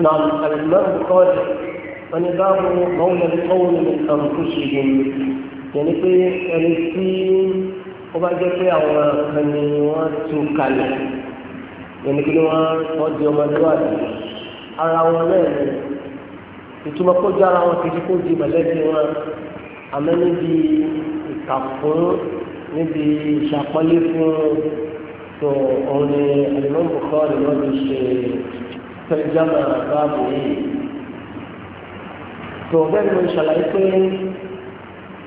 نعم الإمام قال أن باب مولى القوم من أنفسهم يعني في الاسم وبعد في أولا من يواتوكال يعني كل ما قد يوم الوالد ara wọn náà ni ìtumọ̀ kó jẹ́ ara wọn kìí kó di mọ̀lẹ́bí wọn àmọ́ níbi ìkà fún níbi ìṣàpọ́lé fún tó òun ni bùkọ́ ni wọ́n ṣe tẹ̀lẹ́jàmà báàbò yìí tó bẹ́ẹ̀ ni mo ṣàlàyé pé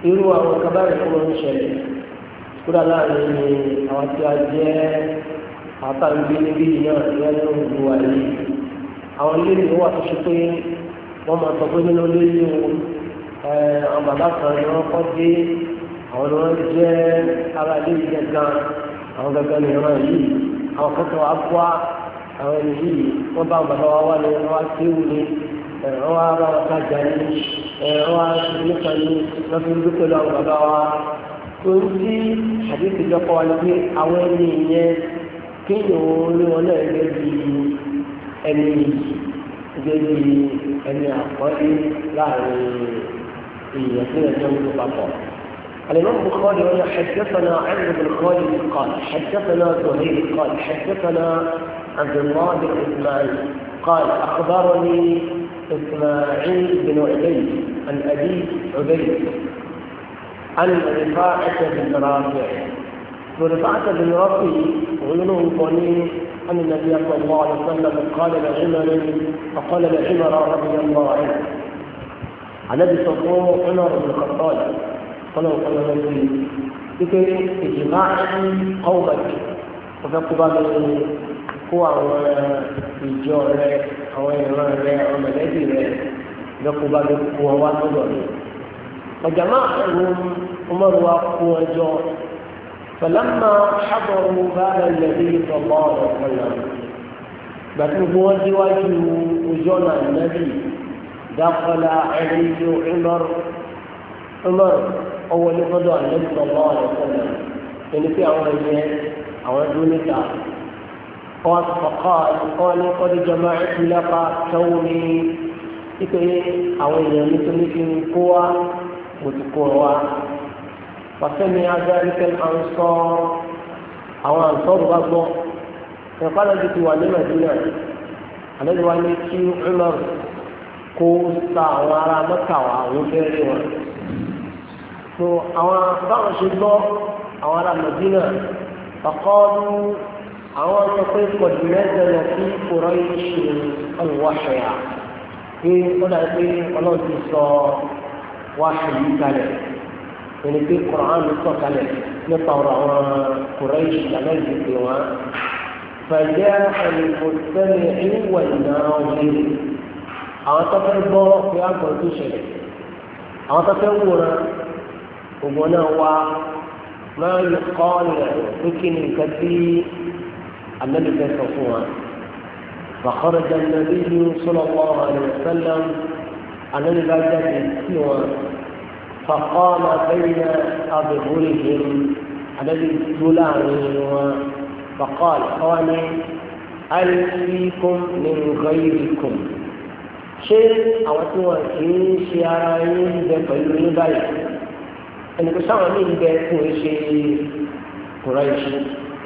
irú àwọn kábàárẹ̀ tó ń ṣẹlẹ̀ kúrò láàrin ni àwọn tí a jẹ́ àtàgbé níbí náà yẹn ní òdu àyè àwọn ilé ìlú wà tó ṣe pé wọ́n máa sọ pé nínú ilé ìlú àwọn bàbá kan ni wọ́n kọ́ dé àwọn ni wọ́n jẹ́ ara ilé ìjẹ gan àwọn gangan ni wọ́n yìí àwọn kọ́kọ́ wá àwọn ẹni yìí wọ́n bá bàbá wa wà ní wọ́n wá kéwù ní wọ́n wá bá wọn kájà ní wọ́n wá nípa ní wọ́n fi ń gbé pẹ̀lú àwọn bàbá wa. torí tí àdéhùn ìjọpọ̀ wa ni pé àwọn ẹni yẹn kéèyàn orí wọn náà gẹ́gẹ́ bí ẹni gẹ́gẹ́ bí ẹni àkọ́lé láàrin èèyàn tí wọ́n jẹ́ wọ́n papọ̀. الإمام البخاري يقول حدثنا عمرو بن خالد قال حدثنا زهير قال حدثنا عبد الله بن إسماعيل قال أخبرني إسماعيل بن عبيد عن أبي عبيد عن رفاعة بن رافع ورفاعة بن رافع غنوه قليل أن النبي صلى الله عليه وسلم قال لعمر فقال لعمر رضي الله عنه عن أبي صفوه عمر بن الخطاب قال وقال لعمر بكي إجماع قومك وفي قبال kó àwọn eh, ìjọ rẹ àwọn ìran rẹ àwọn mẹlẹbí rẹ lọkọ bá lọ kó wọn wá lọ́dọ̀ rẹ ọjà máa ẹwọ ọmọrù wa kó wọn jọ fẹlẹmà ṣàbọrù bá rẹ lẹbi ìtọgbọ ọpọlọ gbàtí gbogbo wọn déwájú ojú ọ̀nà ìnábì dákọlá ẹni tó ẹmọrù ọwọ́ ní fọdọ̀ àlẹ́ ìtọgbọ ọpọlọ ẹni pé àwọn ẹ̀yẹ àwọn ẹdún níta. قال فقال قال قد جمعت لك كوني إكي أو يمتلك قوة وتقوى فسمع ذلك الأنصار أو أنصار غضب فقال بك ولم دينار الذي ولكي عمر كوسا وراء مكة وغيرها so àwọn báwọn ṣe gbọ́ àwọn ará àwọn sọ pé kọ̀dùnẹ́sẹ̀lẹ̀ sí kòrọ́ ìṣe ọ̀wọ́ṣẹ̀yà pé ó dàbí pé ọlọ́run ti sọ wáṣẹ̀ yìí kalẹ̀ ẹni pé kọ̀ọ̀án sọ kalẹ̀ nípa ọ̀rọ̀ àwọn kòrọ́ ìṣe àlẹ́yìn ìpè wọn. fẹ̀jẹ́ ẹnìmọ̀sẹ́lẹ̀ ìwẹ̀ náà wí àwọn tó gbọ́ pé àgbọ̀ tó ṣẹlẹ̀ النبي كيف صوان فخرج النبي صلى الله عليه وسلم النبي بعد سوان فقام بين أظهرهم الذي تلعنوا فقال قال ألفيكم من غيركم شيء أو توكين شيارين بقلون بايك إن كسامين بيكو شيء قريش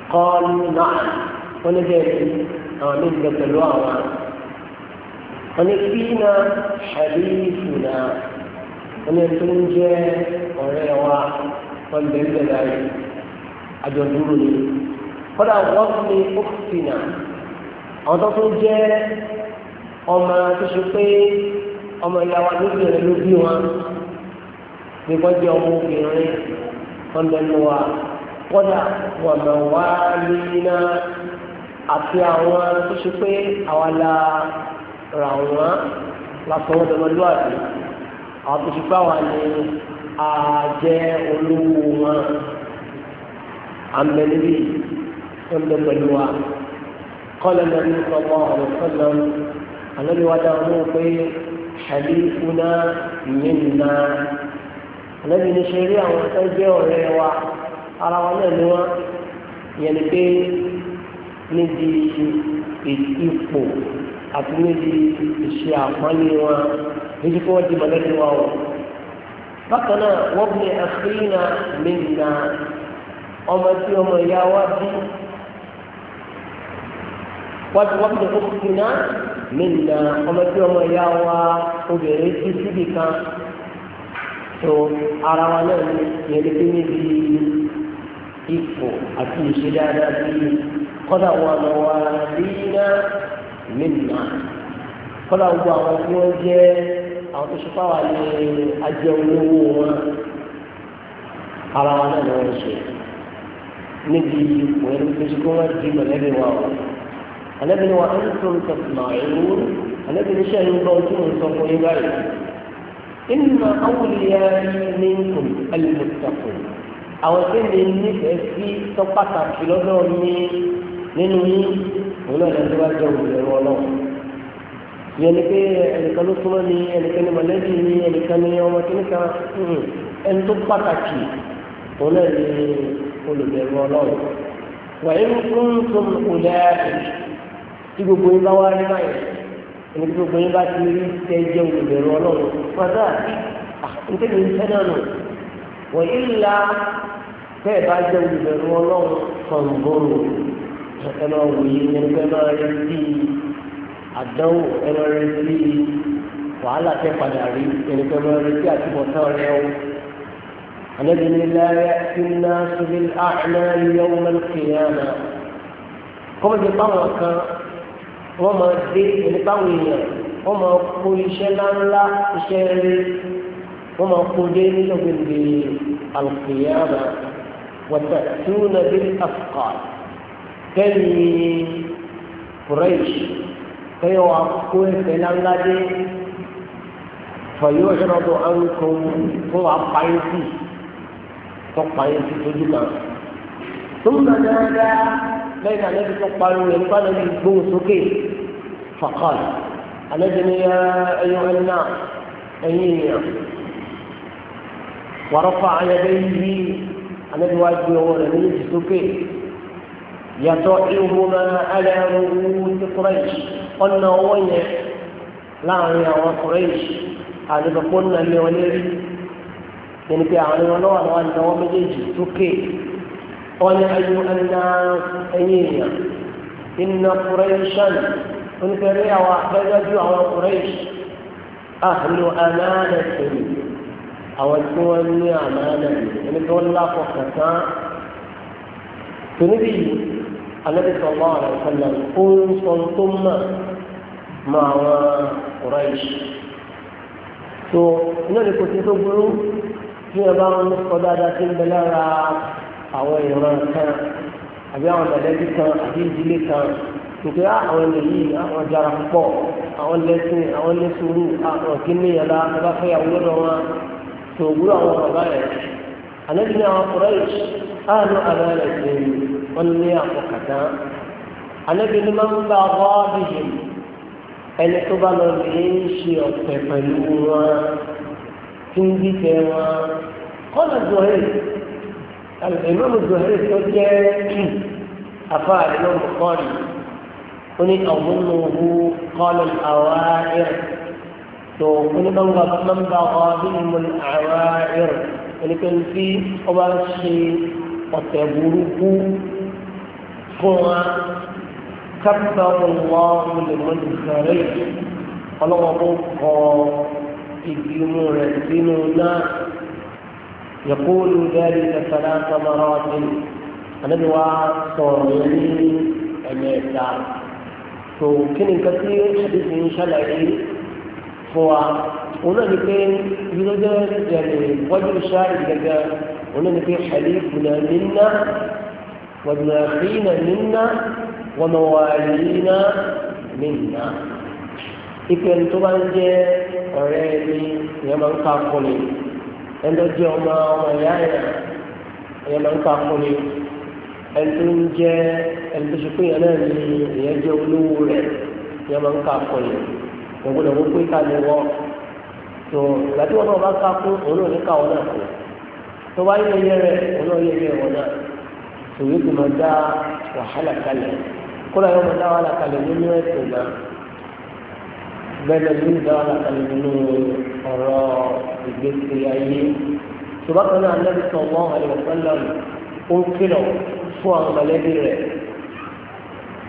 قالوا نعم wọ́n ní bẹ́ẹ̀ ni àwọn méjì lọ pẹ̀lú àwọn wọ́n ní fínà ṣàlífùnà wọ́n ní tó ń jẹ́ ọ̀rẹ́ wa wọ́n bẹ̀rẹ̀ bẹ̀rẹ̀ ayé àjọ̀dúró ni kódà wọ́n ní ókùtìnà àwọn tó tún jẹ́ ọmọ tó ṣe pé ọmọ ìyá wa lóbi rẹ̀ ló wọn ní kọ́ jẹ́ ọmọ obìnrin wọ́n bẹ̀rẹ̀ wa kódà wọ́n mọ̀ wá lóyún náà àti àwọn tó ṣe pé àwa la rà wọ́n lásán wọn dọmọlúwàbí àwọn tó ṣe pé àwa ni a jẹ́ olówó wọn àmẹ́lẹ́bí tó ń bẹ pẹ̀lú wa kọ́lẹ̀ lẹ́nu sọ́mọ́ ọ̀rọ̀ sọ́lọ́ àlọ́lẹ́ wa dáhùn mọ́ pé ṣàlífúná ìyẹnìna àlọ́lẹ́ ní ṣe rí àwọn tó jẹ́ ọ̀rẹ́ wa ara wa náà ni wọ́n yẹn ni pé níbi ipò àti níbi ìṣe àpọ́nlé wọn níbi tí wọ́n di mọ̀lẹ́bí wa o. bákan náà wọ́n bí àfihàn mi nà ọmọ tí ọmọ ìyá wa bí wọ́n ti wọ́n bí òkùnkùn náà mi nà ọmọ tí ọmọ ìyá wa obìnrin tí síbi kan tó ara wa náà ní ìrètí níbi ipò àti ìṣe dáadáa bíi kọ́dà wà lọ́wọ́ àdínà mìíràn kọ́dà gbogbo àwọn tí wọ́n jẹ́ àwọn tó ṣe fáwọn ní ajẹun lówó wọn ara wọn náà ni wọ́n ṣe níbi ipò ẹni tó ṣe kí wọ́n di mọ̀lẹ́bí wa o àlẹ́bí ni wọ́n ń tó ń tọ̀ mà ẹ̀rú àlẹ́bí ni ṣẹ́yìn lọ tí wọ́n sọ fún yín báyìí. إن أولياء منكم المتقون أو إن النفس في تقطع في لدني nínú yín òun náà lẹ́nu wá jẹ́ olùdẹ̀rọ ọlọ́run ìyẹn ni pé ẹnìkan ló súnmọ́ ni ẹnìkan ni mọ̀lẹ́bí ni ẹnìkan ni ọmọ kìnnìkan hmm. ẹni tó pàtàkì òun náà ni olùdẹ̀rọ ọlọ́run wàyí fún tún òlẹ́ tí gbogbo yín bá wá rí báyìí ẹni tí gbogbo yín bá ti rí ah, tẹ́ jẹ́ olùdẹ̀rọ ọlọ́run fàdà ntẹ́ni ń tẹ́lẹ̀ nù wọ́n bẹ́ẹ̀ bá jẹ́ olùdẹ̀rọ ọlọ́run kọ̀ǹgọ́rù ẹ máa wòye ẹ máa retí àdánwò ẹ máa retí wàhálà tẹ padà rí ẹni pẹ́ máa retí àtúbọ̀tán rẹ o. الذي لا يأتي الناس بالأعمال يوم القيامة kọ́mọ ti báwọn kan wọ́n máa dé ẹni báwọn èèyàn wọ́n máa kó iṣẹ́ ńláńlá iṣẹ́ rí wọ́n máa kó dé nílò gbèndé alùpùpù yàrá wọ́n tẹ̀ tí ó nà kẹ́ni fúrẹ́ṣ kẹ́yọ̀ wá kó ẹsẹ̀ ńláńlá dé fọyọ́ ìṣẹ́nàdọ̀ ànkùn fún wa pààyàn sí tó pààyàn sí tójú kan. tó ń bàjẹ́ dáadáa lẹ́yìn àlẹ́bí tó pariwo ẹ̀ nípa lẹ́yìn gbóhùn sókè fàkàn àlẹ́bí ni ẹyọ ẹni náà ẹ̀yìn èèyàn. wàrọ̀ fa àyẹ̀dẹ́ yìí àlẹ́bí wá gbé ọwọ́ rẹ̀ méjì sókè. يطعهما على رؤوس قريش ọ̀nà ọwọ́ yẹn láàrin àwọn kùrẹ́ẹ̀ṣì àdìbòkún náà lé wọn lérí yẹn pé àwọn ọmọ náà wà lọ́wọ́ méjèèjì sókè wọn ni ayé ẹ̀ńdá ẹ̀yìn èèyàn iná kùrẹ́ẹ̀ṣàn onífẹ̀rẹ́ àwọn abẹ́gbẹ́jú àwọn kùrẹ́ẹ̀ṣì àhùnú àmàlẹ̀ àwọn tí wọ́n ní àmàlẹ̀ ẹni tó ń lápò alẹ́bí sọ̀rọ̀ àwọn àlàkọ́lẹ̀ ó ń sọ tó mọ̀ mọ́ àwọn ọ̀rọ̀ yìí. tó iná lè kò sí tó burú bí ẹ bá ń sọ dáadáa tí ń bẹ lára àwọn ìran kan àbí àwọn mẹ̀lẹ́bí kan àbí ìdílé kan nítorí àwọn ilé yìí àwọn jara pọ̀ àwọn lẹ́sìn àwọn lẹ́sùrù àwọn kìíní yàrá bàbá fẹ́ yàwó lọ́dọ̀ wọn tó burú àwọn bàbá yẹn. àlẹ́bí ni àwọn ọ̀rọ̀ yìí wọ́n ní àpọ̀kàtà anábì ni máa ń bá ọwọ́ bìyì ẹni tó bá lọ lè ń ṣe ọ̀pẹ̀ pẹ̀lú wọn tí ń dìtẹ̀ wọn kọ́nà zuhair alìmọ́mù zuhair tó jẹ́ afa àdìmọ́mù kọ́ọ̀lì ó ní ọ̀gbọ́nùhù kọ́ọ̀lì àwáyẹ̀rẹ̀ tó ó ní máa ń bá ọwọ́ bìyì mọ́ àwáyẹ̀rẹ̀ ẹni pé tí ọba ń ṣe ọ̀tẹ̀ burúkú قوة كبر الله لمن خرج ọlọ́wọ́ bó kọ igi mú rẹ̀ sínú náà yẹ̀kúlù bẹ́ẹ̀ni tẹ̀sánà sọmọrọ ọdún ànábi wa sọ̀rọ̀ ní ẹ̀mẹ́ta tó kí ni nǹkan tí àdìsí ń ṣàlàyé fún wa òun náà ni pé yíyọ́jọ́ ìjẹ̀lẹ̀ wájú ṣáà ìgẹ̀gẹ̀ òun náà ni pé xẹ̀lí ìfúnná والناقين منا وموالينا منا ìpẹ̀lú tó bá ń jẹ́ ọ̀rẹ́ ẹni ìyẹn máa ń ka kùnì ẹni tó jẹ́ ọmọ ọmọ ìyá ẹ̀yà ìyẹn máa ń ka kùnì ẹni tó ń jẹ́ ẹni tó ṣe pé ìyẹn náà ni ìyẹn jẹ́ olówó rẹ̀ ìyẹn máa ń ka kùnì ògbódò wọ́n pé ká ní wọ́n tó ìgbà tí wọ́n náà bá ká kún òun náà ní ká wọn náà kù tó bá yẹ ẹyẹ rẹ̀ òun náà yẹ ẹyẹ wọn náà èyí kò máa dá wàhálà kalẹ̀ kódà yóò máa dá wàhálà kalẹ̀ nínú ẹ̀sìn náà bẹ́ẹ̀ ló ń dá wàhálà kalẹ̀ nínú ọ̀rọ̀ ìgbésí ayé ṣùgbọ́n kan náà Ànábì sallallahu alaihi wasallam ó ń kìlọ̀ fún àwọn mọ̀lẹ́bí rẹ̀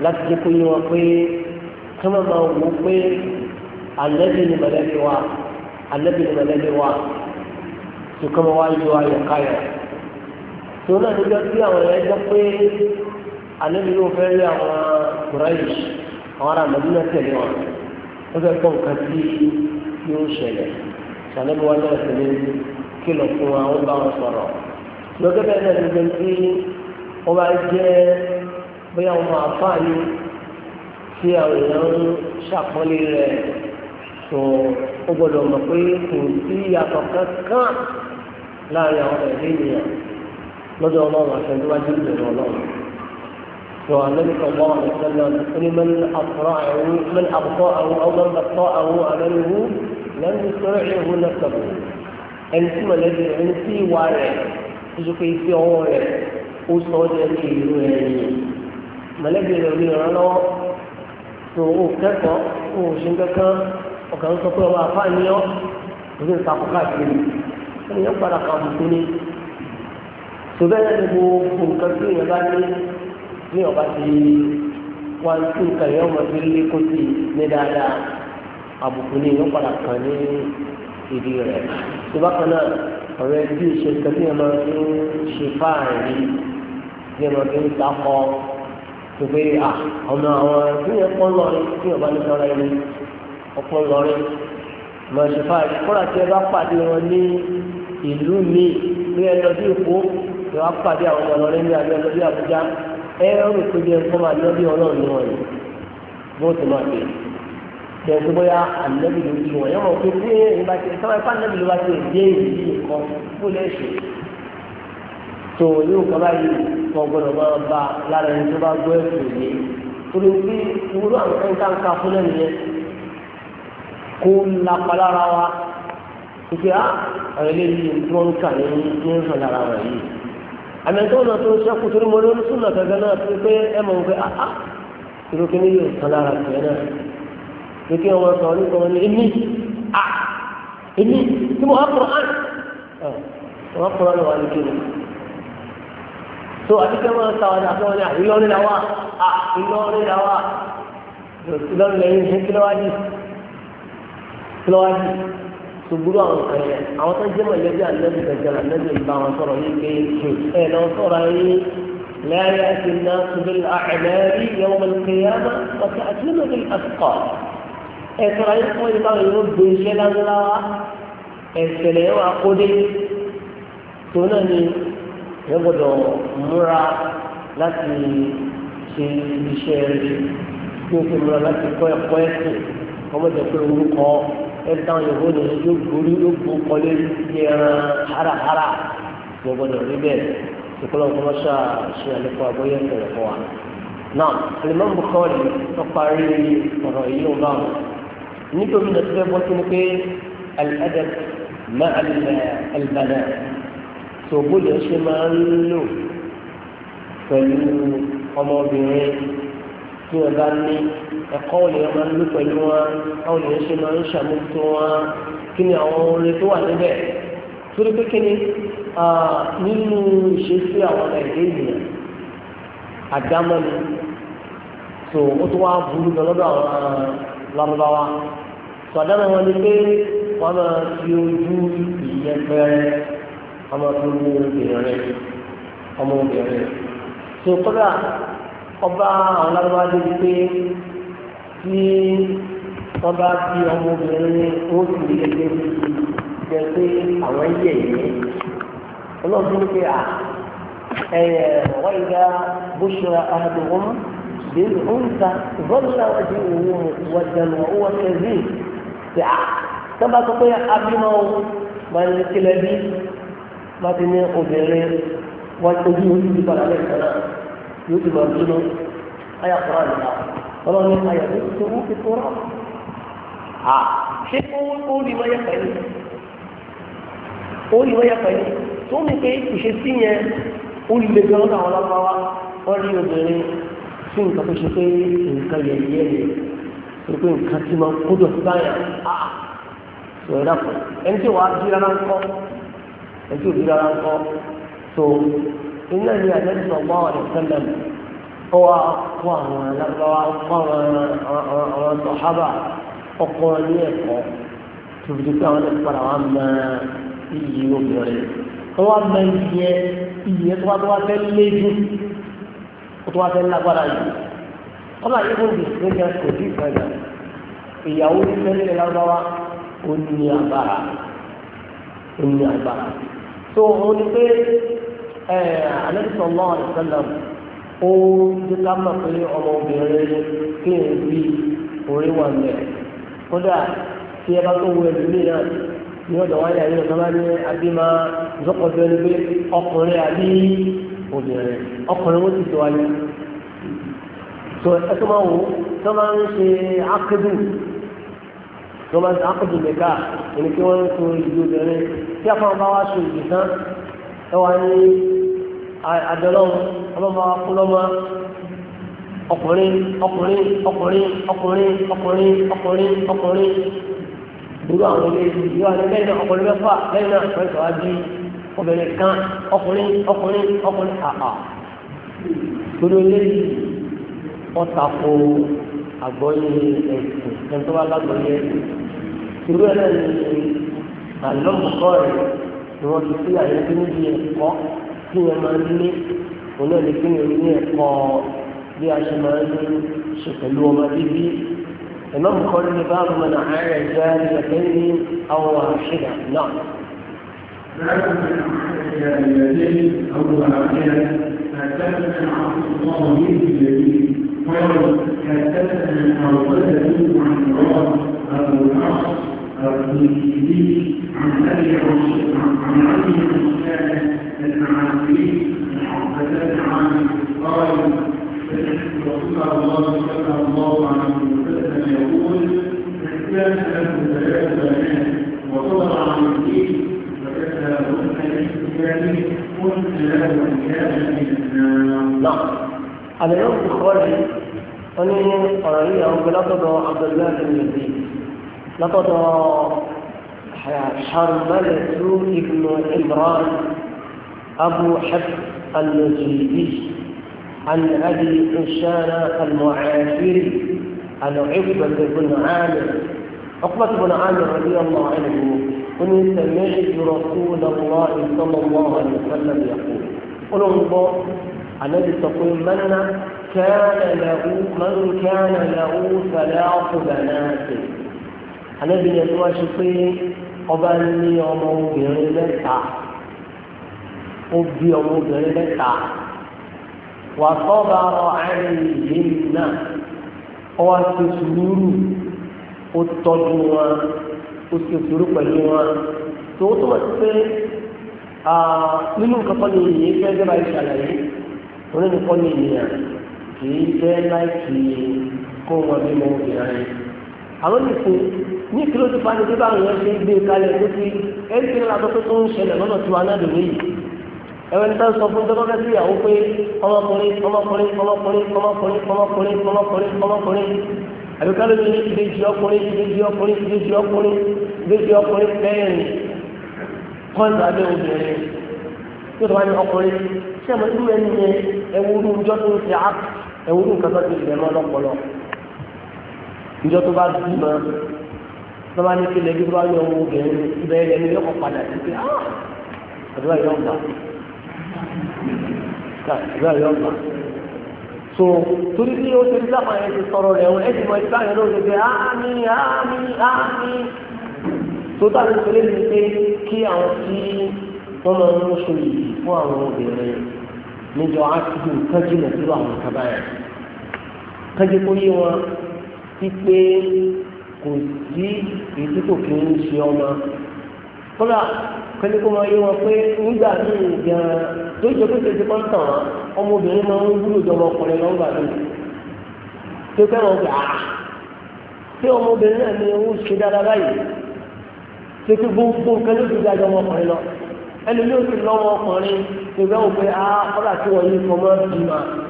láti jẹ́ kó yé wọn pé kí wọ́n máa wò ó pé Ànábì ni mọ̀lẹ́bí wa Ànábì ni mọ̀lẹ́bí wa ṣùgbọ́n wọn wá yọ ayọ̀ káyọ̀ tó náà níjọ́ tí àwọn ẹ̀yẹ́ jẹ́ pé ànábi yóò fẹ́ rí àwọn kùráyì àwọn ará màdínà tẹ̀lé wọn ó fẹ́ kọ́ nǹkan tí yóò ṣẹlẹ̀ sàlẹ́bí wọn náà sì ní kìlọ̀ fún wa ó bá wọn sọ̀rọ̀ lọ́gẹ́ bẹ́ẹ̀ náà níjọ́ tí wọ́n bá jẹ́ bóyá wọn máa fà tí àwọn èèyàn ń ṣàpọ́nlé rẹ̀ tó ó gbọ́dọ̀ mọ̀ pé kò sí ìyàtọ̀ kankan láàrin àwọn ẹ̀dẹ́ lọ́dọ̀ ọlọ́run àtẹ̀síwájú ìbẹ̀rẹ̀ ọlọ́run. sọ àlẹ́bí sọ̀gbọ́ àlẹ́sẹ̀lẹ̀ ní mẹ́lẹ́ àbùkọ́ àwọn ọgbọ́n bàtọ́ àwọn àlẹ́rìíwú lẹ́nu sọ̀rọ̀ ìhun náà sọ̀rọ̀ ẹni tí mọ̀lẹ́bí ẹni tí ìwà rẹ̀ tuntun pé ife ọwọ́ rẹ̀ ó sọ ọ́ jẹ́ kí ìlú rẹ̀ yìí mọ̀lẹ́bí rẹ̀ ní ìrànlọ́wọ́ tó o kẹ́kọ̀ọ́ o ṣe kankan ọ̀gá ń sọ pé ọba tó bẹ́ẹ̀ ni mo fún nǹkan tí èèyàn bá ní ní ọ̀bá ti wá sí nǹkan yẹn ọmọ ti lé kó sí ní dáadáa àbùkù ní ìyẹn padà kàn ní ìdí rẹ̀ tó bá kan náà ọ̀rọ̀ ẹbí ìṣe nǹkan tí èèyàn máa fi ń ṣe fáàrí ní ọmọ fi ń sáfọ́ tó pé ọ̀nà àwọn tí yẹn pọ́n lọ́rin tí ọ̀bá ní sọ́ra ẹni ọ̀pọ̀ lọ́rin mọ̀ ṣe fáàrí kọ́ra tí ẹ bá pàdé wọn ní ìlú mi ní ẹ lọ sí Èkó ìwà pàdé àwọn ọmọ ọlọ́rin ní abẹ́ ọlọ́bí Àbújá ẹ rò pé bí ẹnìkan máa lọ́bí ọlọ́run ní wọn yìí wọ́n ti máa bẹ̀rẹ̀ kí ẹ̀sùn bóyá ànábì ló ti wọ̀nyẹ́ wọn pé bí ìgbà tí ìsọ́wọ́ ẹ̀fọ́ ànábì ló bá ti dé ìdí nǹkan kó lè ṣe tó yóò kọ́ báyìí wọn gbọ́dọ̀ máa ba lára ẹni tó bá gbọ́ ẹ̀sùn yìí torí pé ìwúrọ̀ àwọn ẹ̀ńkà ń ka fún lẹ́nu yẹn kó lápá lára wa ìpè á ọ̀rẹ́lẹ́yìn tí wọ́n ń kà ní ní ìsọ̀lára wọn yìí àmẹ́tọ́ náà tó ń ṣẹ́kù torí mo lórí súnà gẹ́gẹ́ náà tó pé ẹ mọ̀ pé áá ah, ah, irú kí ni yóò kan lára tẹ̀ náà ní kí wọ́n sọ ní kọ́ni èmi à ah, èmi tí mo hàn kúrán wọ́n kúrán lọ́wọ́ ní kí ni. tó àtikẹ́ wọn sọ àwọn àti wọn ní Ìlọrin làwà à Ìlọrin làwà Ìlọrin lẹ́yìn kí lọ́wọ́ tòbúrú àwọn kan yẹn àwọn tó jẹ́ mọ̀lẹ́bí ànábì gbẹ̀gbẹ̀ ànábì ìgbà wọn sọ̀rọ̀ yìí pé ẹ̀ lọ sọ̀rọ̀ yìí láyé ti ná tóbi àìlẹ́rí yẹn wọn kéyàmá ọ̀tí àti nínú bí àtúkọ̀ ẹ̀ sọ̀rọ̀ yìí fún ìgbà wọn yóò gbé iṣẹ́ lágbára ẹ̀sẹ̀lẹ̀ yẹn wà kóde tó náà ni yẹn gbọ́dọ̀ múra láti ṣe iṣẹ́ rẹ̀ kí o ti múra láti kọ́ ẹ̀kọ́ ẹ̀sìn ọmọdé ẹni táwọn yòówó ni yóò gbórí yóò gbó kọlé ní ẹran harahara gbogbo ní orí bẹ́ẹ̀ ìkọlọ nǹkan ṣá ṣe àlékún àgbóyè ìpẹrẹ fún wa. náà alimami Bukhari tó parí ọ̀rọ̀ yìí ló bá wọn nítorí náà tó bọ́ sí ni pé al-adab ma'a al tó gbọ́dọ̀ ṣe máa ń lò pẹ̀lú ọmọbìnrin tí wọ́n bá ní ẹ̀kọ́ ò lè máa ń lò pẹ̀lú wọn báwo lè ṣe máa ń ṣàmójútó wọn kí ni àwọn orin tó wà níbẹ̀ torí pé kí ni nínú ìṣesí àwọn nàìjíríà àdámọ́ ni so ó tún wá burú gan lọ́dọ̀ àwọn lárúbáwá so àdámọ́ wọn ni pé wọ́n máa fi ojú ìyẹpẹrẹ wọ́n máa fi mú obìnrin ọmọ obìnrin so kódà ọba àwọn lárúbáwá débi pé. tí wọ́n bá bí ọmọbìnrin ó sì lè lé sí jẹ pé àwọn yẹ̀ yìí ọlọ́run ní pé à ẹ̀yẹ wọ́n ìgbà bó ṣọra ahàdùnún bẹ́ẹ̀ ó ń ta ìbọ́nlá wájú òun wàjẹ̀lú owó ṣẹ́bí tí à tó bá tó pé abímọ máa ń kílẹ̀ bí ti ní obìnrin wọ́n ojú ojú náà yóò ti máa àná. ọlọ́ni ayọ̀dé tó wọ́n fi tó rán. à ṣé ó rí wáyà pẹ̀lú ó rí wáyà pẹ̀lú tó ní pé ìṣesí yẹn ó rí lè gbọ́n àwọn ọlọ́pàá wọ́n rí obìnrin sí nǹkan tó ṣe pé nǹkan yẹn yẹ yẹ tó pé nǹkan tí máa kó jọ sí báyà á sọ ẹ̀dá pọ̀ ẹni tí wàá bí rárá ń kọ́ ẹni tí ò bí rárá ń kọ́ tó iná ni àdéhùn ọgbà ọ̀rẹ́ sẹ́lẹ̀ ọwọ́ fún àwọn alágbáwá fún àwọn sọ̀hábà ọkọ̀ ní ẹ̀kọ́ tó fi dúpẹ́ àwọn ẹ̀kọ́ra wa mọ iyì obìnrin tó wá mọ iyì ẹ iyì ẹ tó wá tó wá fẹ́ léjú tó wá fẹ́ lágbára yìí ọba yìí kò dì sí ẹgbẹ́ kò dì sí ẹgbẹ́ ìyàwó ní sẹ́lẹ̀ lágbáwá ó ní agbára ó ní agbára tó òun ni pé ẹ̀ alẹ́ sọ̀lọ́ ọ̀rẹ́ sẹ́lẹ̀ ó ti ká mọ̀ pé ọmọbìnrin kí n bí orí wà mẹ́ kódà tí ẹ bá tó wọ ẹlòmíì náà ní ọ̀dọ̀ wáyà yìí ọ̀sán bá ní abímá zọ́kọ̀dọ̀ ẹni pé ọkùnrin àbí obìnrin ọkùnrin wọ́n ti tó ayé tó ẹ tó máa wò ó tó máa ń ṣe ákédù tó máa ń ṣe ákédù mẹ́ka ẹni pé wọ́n ń so ìdí obìnrin tí a fọ́n bá wá so ìdí tán ẹ wá ní àdọ́lọ́run ọlọ́mọ akúlọ́mọ ọkùnrin ọkùnrin ọkùnrin ọkùnrin ọkùnrin ọkùnrin ọkùnrin irú àwọn ilé ìlú àti lẹ́yìn náà ọkùnrin mẹ́fà lẹ́yìn náà ọkùnrin kan bí obìnrin kan ọkùnrin ọkùnrin ọkùnrin àà gbogbo ilé yìí wọ́n tako àgbọ́yé ẹ̀sìn ẹni tó bá lágbọ́yé irú ẹ̀ ni àlọ́mùkọ́ rẹ̀ ni wọ́n ti fi àyẹ̀kí níbi ẹ̀kọ́ kí wọ́n máa ń ní òun náà lè gbìyànjú ní ẹ̀kọ́ bí a ṣe máa ń ṣe pẹ̀lú ọmọ bíbí imam kọ́ni ní báàbù mọ́nà ààrẹ ní àwọn àṣìlá náà. ààrẹ عبد الله بن جبريل قال حدثنا عبد الله بن عمران الترمذي عن ابي عن ابي عثمان المعافي حدثنا عن قال رسول الله صلى الله عليه وسلم يقول كان له ثلاث بنات وصدر عن الدين فكتبهن لإسلامه قلت له إياها من النار. الإمام البخاري أني أرأي أو بلغت عبد الله بن يزيد لقد حرمل ابن عمران أبو حفص المجيدي عن أبي إنشان المعافري عن عقبة بن عامر عقبة بن عامر رضي الله عنه اني سمعت رسول الله صلى الله عليه وسلم يقول قل انظر النبي تقول من كان له من كان له ثلاث بنات ànábì yẹn tó wá ṣe pé ọba ní ọmọ obìnrin mẹ́ta ó bí ọmọ obìnrin mẹ́ta wà sọ́ba ọ̀hánì ìlú náà ó wá ṣe sùúrù ó tọ́jú wọn ó ṣe sùúrù pẹ̀lú wọn tó tó wá sí pé nínú nǹkan kan ní ìyẹn fẹ́ gẹ́gẹ́ ìṣàlàyé onínú ní ìyẹn kì í jẹ́ láìkì kó wọn bí mo obìnrin àwọn nìkan ní kí ló ti fa ni bí báwọn yẹn ṣe gbé kalẹ̀ tó fi ẹni tí wọn àtọ́kọ́ tó ń ṣẹlẹ̀ lọ́nà tí wọn aládùn yìí ẹ̀wọ̀n ní sọ fún dọ́kọ́kẹ́ sí ìyàwó pé ọmọkùnrin ọmọkùnrin ọmọkùnrin ọmọkùnrin ọmọkùnrin ọmọkùnrin ọmọkùnrin àbíká ló ní ìbejì ọkùnrin ìbejì ọkùnrin ìbejì ọkùnrin ìbejì ọkùnrin bẹ́ẹ̀rin kọ́ńtà abẹ́ obìnrin tí ó tọ́ bá ní ọkùnrin ṣé àmọ́ ìlú ẹni yẹn ẹwúrú ọjọ́ tó ń ṣe á ẹwúrú nǹkan tó ti bẹ̀rẹ̀ lọ́pọ̀lọpọ̀ ìjọ tó bá bí mọ tó bá ní kí lẹbi tó bá yọ owó obìnrin ibẹ̀ ẹni yóò kọ padà sí pé ah! àdúrà yóò gbà àdúrà yóò gbà so torí bí ó ṣe ń sábà yẹn ti sọ̀rọ̀ rẹ̀ wọn ẹ̀sìn mọ ẹ̀sìn báyìí ló ṣe pé ámì ámì ámì tó dábì pẹ̀lẹ́ mi pé kí àwọn tí wọ́n máa ń ṣe yìí fún àwọn obìnrin níjọ á ti dùn kájú lọ àwọn kábàáyà kájú kó yé wọn pípé kò sí èyí kò kí ń ṣe ọmọ kọ́lá pẹ̀lú kó máa yé wọn pé nígbà míì gan tó jẹ́ pé tètè kan tàn án ọmọbìnrin máa ń wúlò jọ ọmọkùnrin lọ́gbà mi tó fẹ́ràn gbà á pé ọmọbìnrin náà ni ó ṣe dáadáa báyìí tó fi gbogbo nǹkan ló ti gba jọ ọmọkùnrin lọ ẹni ló ti lọ́wọ́ ọkùnrin tó fẹ́ wò pé á kọ́lá tí wọ́n yí fọmọ́ bí máa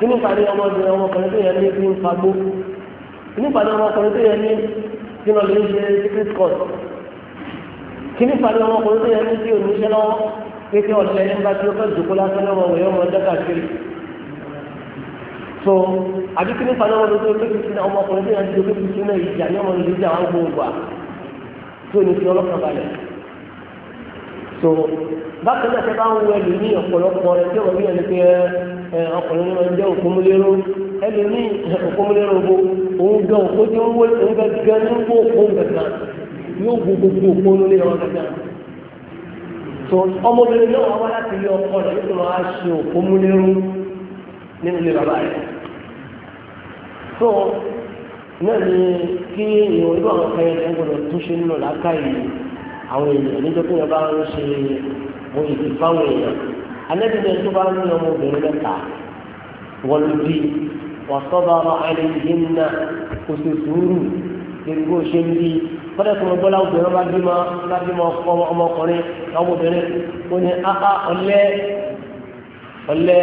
kí ní ìpàdé ọmọbìnrin ọmọkùnrin tó yẹ ní fi ń fagbó kí ní ìpàdé ọmọkùnrin tó yẹ ní kí lọ lè ṣe secret court kí ní ìpàdé ọmọkùnrin tó yẹ ní kí oníṣẹ́ lọ́wọ́ kékeré ọ̀sẹ̀ nígbà tí ó fẹ́ jòkó lásán lọ́wọ́ òye ọmọ ọjọ́ káàkiri so àbí kí ní ìpàdé ọmọkùnrin tó yẹ ní kí ọmọkùnrin tó yẹ ní kí ọmọkùnrin tó yẹ ní ìjà ní ọmọ so bákan náà ṣe bá ń wọ ẹlòmí ọ̀pọ̀lọpọ̀ ẹ tí ọ̀rọ̀ yẹn pé ẹ ọkùnrin ní wọn jẹ́ òkúmúlérò ẹlòmí òkúmúlérò bo òun gbẹ òkú tí ń wọ òun gbẹ gbẹ ní wọ òkú gbẹgbẹ yóò gbó gbogbo òkú lórí ọ̀rọ̀ gbẹgbẹ so ọmọbìnrin náà wá láti ilé ọkọ rẹ nítorí wọn á ṣe òkúmúlérò nínú ilé bàbá rẹ so náà ni kí ìwọ̀n ìlú àwọn kan yẹn gbọdọ̀ túnṣe nínú làákàyè àwọn èèyàn níjọ́ pé wọ́n bá ń ṣe mo ìdí fáwọn èèyàn alẹ́bíyẹn tó bá ń ní ọmọbìnrin mẹ́ta wọ́n ló bí wọ́n sọ́ba ọmọ àìlèyìn náà kò sì sùúrù lórí bó ṣe ń bí fọ́dẹ̀ tó ń gbọ́ láwùjọ bá bímọ bá bímọ ọmọkùnrin ọmọbìnrin ó ní áá ah, ah, ọlẹ́ ọlẹ́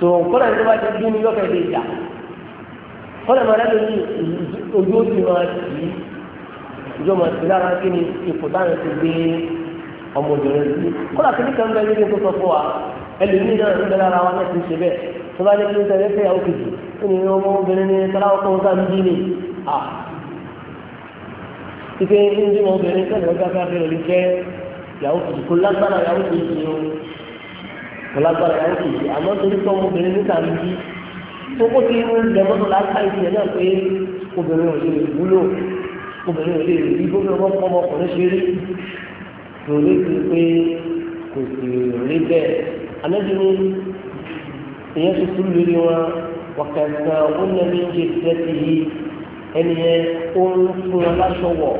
tó fọ́dẹ̀ tó bá ti bí ní lọ́kẹ̀ẹ́ ìjà fọ́dẹ̀ máa dábìí ojú ó ti máa tì í ìjọba ti lára kí ni ipò táwọn ti gbé ọmọbìnrin sí kódà kí ní kan bẹ nílé tó sọ fún wa ẹlòmíì náà ń bẹ lára wa náà ti ṣe bẹ́ẹ̀ tó bá ní kí ní sọ ẹgbẹ́ ìyàwó kejì ó ní ọmọbìnrin ní tọ́lá ọkọ̀ ọ̀gá ń bí ni à ike ní bí ọmọbìnrin tẹ́lẹ̀ ọgá káfí rẹ̀ lè jẹ́ ìyàwó kejì kó lágbára ìyàwó kejì o kó lágbára ìyàwó kejì àmọ́ torí pé ọmọbìnrin níta ń bí tó kó ti ń lẹ́mọ́tò láká ìdí obìnrin ò lè rí gómìnà wọn kọ́ ọmọkùnrin ṣe rí lórí ti pé kò sì rí bẹ́ẹ̀ anájú ni ìyẹn ti kú lórí wọn wàkàtà onímọ̀ ìṣe tẹ́tì yìí ẹni yẹn ó ń fún wọn láṣọ wọ̀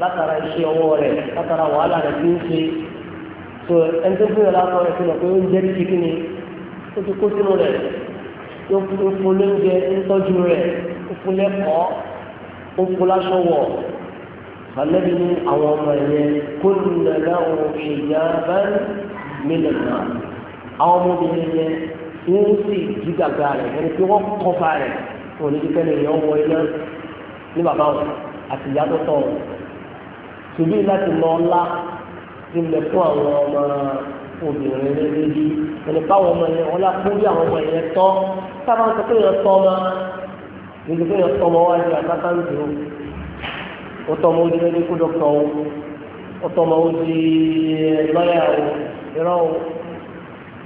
látara iṣẹ́ ọwọ́ rẹ̀ látara wàhálà rẹ̀ tí ń ṣe tó ẹni tó fún wọn láṣọ rẹ̀ fi hàn pé ó ń jẹ́ kí ni ó ti kó sínú rẹ̀ ó fún lóúnjẹ ń tọ́jú rẹ̀ ó fún lẹ́kọ̀ọ́ ó fúláṣọ wọ̀ alẹ́bí ní àwọn ọmọ yẹn kó lulẹ̀ láwọn ìyá bẹ́ẹ̀ mílíọ̀nù àwọn ọmọbìnrin yẹn wọ́n sì jí gàgà rẹ̀ ẹni pé wọ́n kọfà rẹ̀ wọ́n ní kíkẹ́ lèèyàn wọ iná ní bàbá wọn àti ìyá tó tọ̀ wọn. tùbí ti lè fún àwọn ọmọ obìnrin lórí ẹni báwọn ọmọ yẹn wọn lá fún bí àwọn ọmọ yẹn tọ́ sábà ń sọ pé yẹn níbi pé ọmọ wa di àtàkàǹtì o ó tọmọ ó di mẹdíkù dọkítọ o ó tọmọ ó di lọ́yà o irọ́ o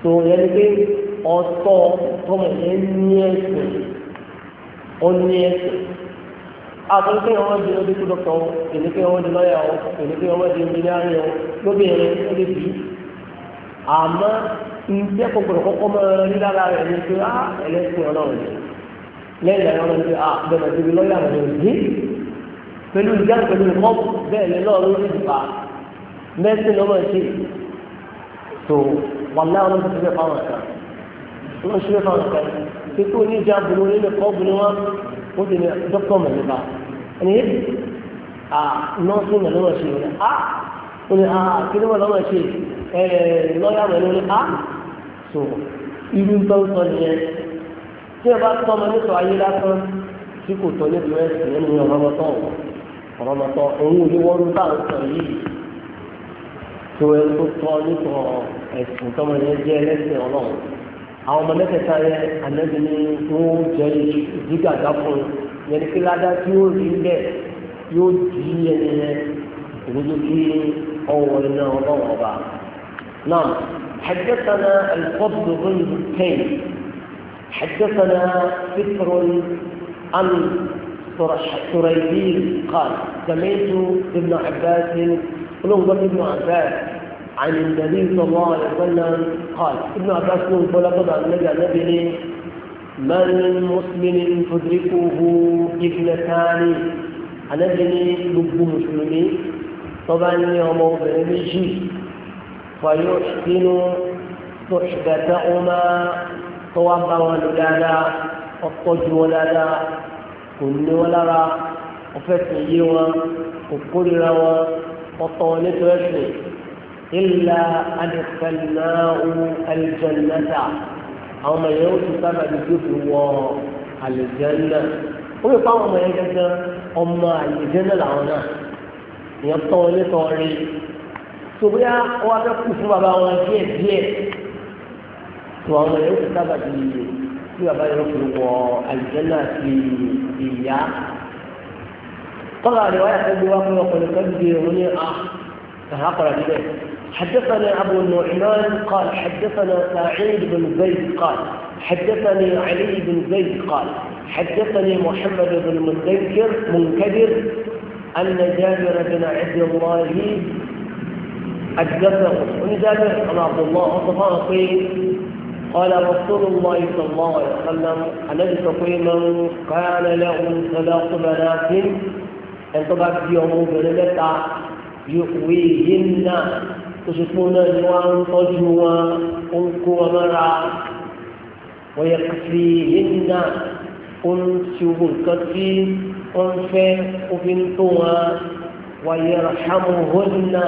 tó yẹ ni pé ọtọ tọmọ yẹn ní ẹsẹ̀ ó ní ẹsẹ̀ àtọ́ pé ọmọ di mẹdíkù dọkítọ o èmi pé ọmọ di lọ́yà o èmi pé ọmọ di ẹnjìnírì o lóbìnrin ó lè bí àmọ́ ǹjẹ́ kò gbọdọ̀ kọ́kọ́ ẹ lára rẹ̀ ni pé á ah, ẹlẹ́sìn ọlọ́run yìí lẹ́yìn àwọn ọmọ ìgbà ah, àbẹ̀rẹ̀ síbi lọ́yà rẹ̀ yìí pẹ̀lú ìjà pẹ̀lú ìkọ́ bẹ́ẹ̀ lé lọ́ọ̀rọ̀ lórí ìgbà mẹ́sìn lọ́mọ ìṣe tó wà láwọn ọmọ ìṣe fáwọn kan wọ́n ṣe fáwọn kan tí kò ní ìjà bùnú nínú ìkọ́ bùnú wọn ó ti ní dókítà mẹ́lẹ́bà ẹni à ah, nọ́ọ̀sì mẹ́lẹ́bà ṣe ní ah, à ó ní à kí ló wà lọ́mọ ìṣe tí ẹ bá tọ́ ọmọ nítorí ayé lásán tí kò tọ́ nítorí ẹ̀sìn nínú ọ̀rọ̀mọtọ́ ọ̀rọ̀mọtọ́ òun ò ní wọ́n ń bá nǹkan yìí tó ẹ tó tọ́ nítorí ẹ̀sìn tọ́mọ yẹn jẹ́ ẹlẹ́sìn ọlọ́run àwọn ọmọ mẹ́tẹ̀ẹ̀ta yẹn ànábi ni wọ́n jẹ́ ìdígàgá fún yẹn ní kí ládá tí ó rí bẹ́ẹ̀ yóò di ẹni yẹn ìwúlò kí ọwọ́ حدثنا فكر عن سريدين قال سمعت ابن عباس نوبة ابن عباس عن النبي صلى الله عليه وسلم قال ابن عباس نقول لقد النبي ما من مسلم تدركه ابنتان عن ابني لب مسلمين طبعا يوم وبرمجي فيحسن صحبتهما tó wá bá wọn lò dáadáa ọtọ́jú wọn dáadáa kò ní wọn lára ọfẹ́ tó yé wọn kò kórìíra wọn ọtọ́ wọn nítorí ẹ̀sìn ilà adìsẹ́nàáwó alìjẹ́nàtà àwọn ọmọ yẹn ó ti sábà di tó fi wọ alìjẹ́nà ó lè fáwọn ọmọ yẹn gẹ́gẹ́ ọmọ alìjẹ́nà làwọn náà ìyẹn tọ́ wọn nítorí tó wọn fẹ́ kú fún bàbá wọn díẹ̀ tó àwọn ẹ̀rọ ti sábà di tí bàbá yẹn lọ́kùnrin wọ àlùjẹ́nà àti ìyá. طبعا رواية تبدو واقع وقل تبدي هنا فهقر بذلك حدثنا أبو النعمان قال حدثنا سعيد بن زيد قال حدثني علي بن زيد قال حدثني محمد بن مذكر منكدر أن جابر بن عبد الله حدثه أن جابر بن عبد الله وصفاه قيل قال رسول الله صلى الله عليه وسلم الذي تقول من كان له ثلاث بنات ان تبعت يوم بنتا يقويهن تشكون نوان تجوا انك ومرا ويكفيهن انت الكفي انف وبنتها ويرحمهن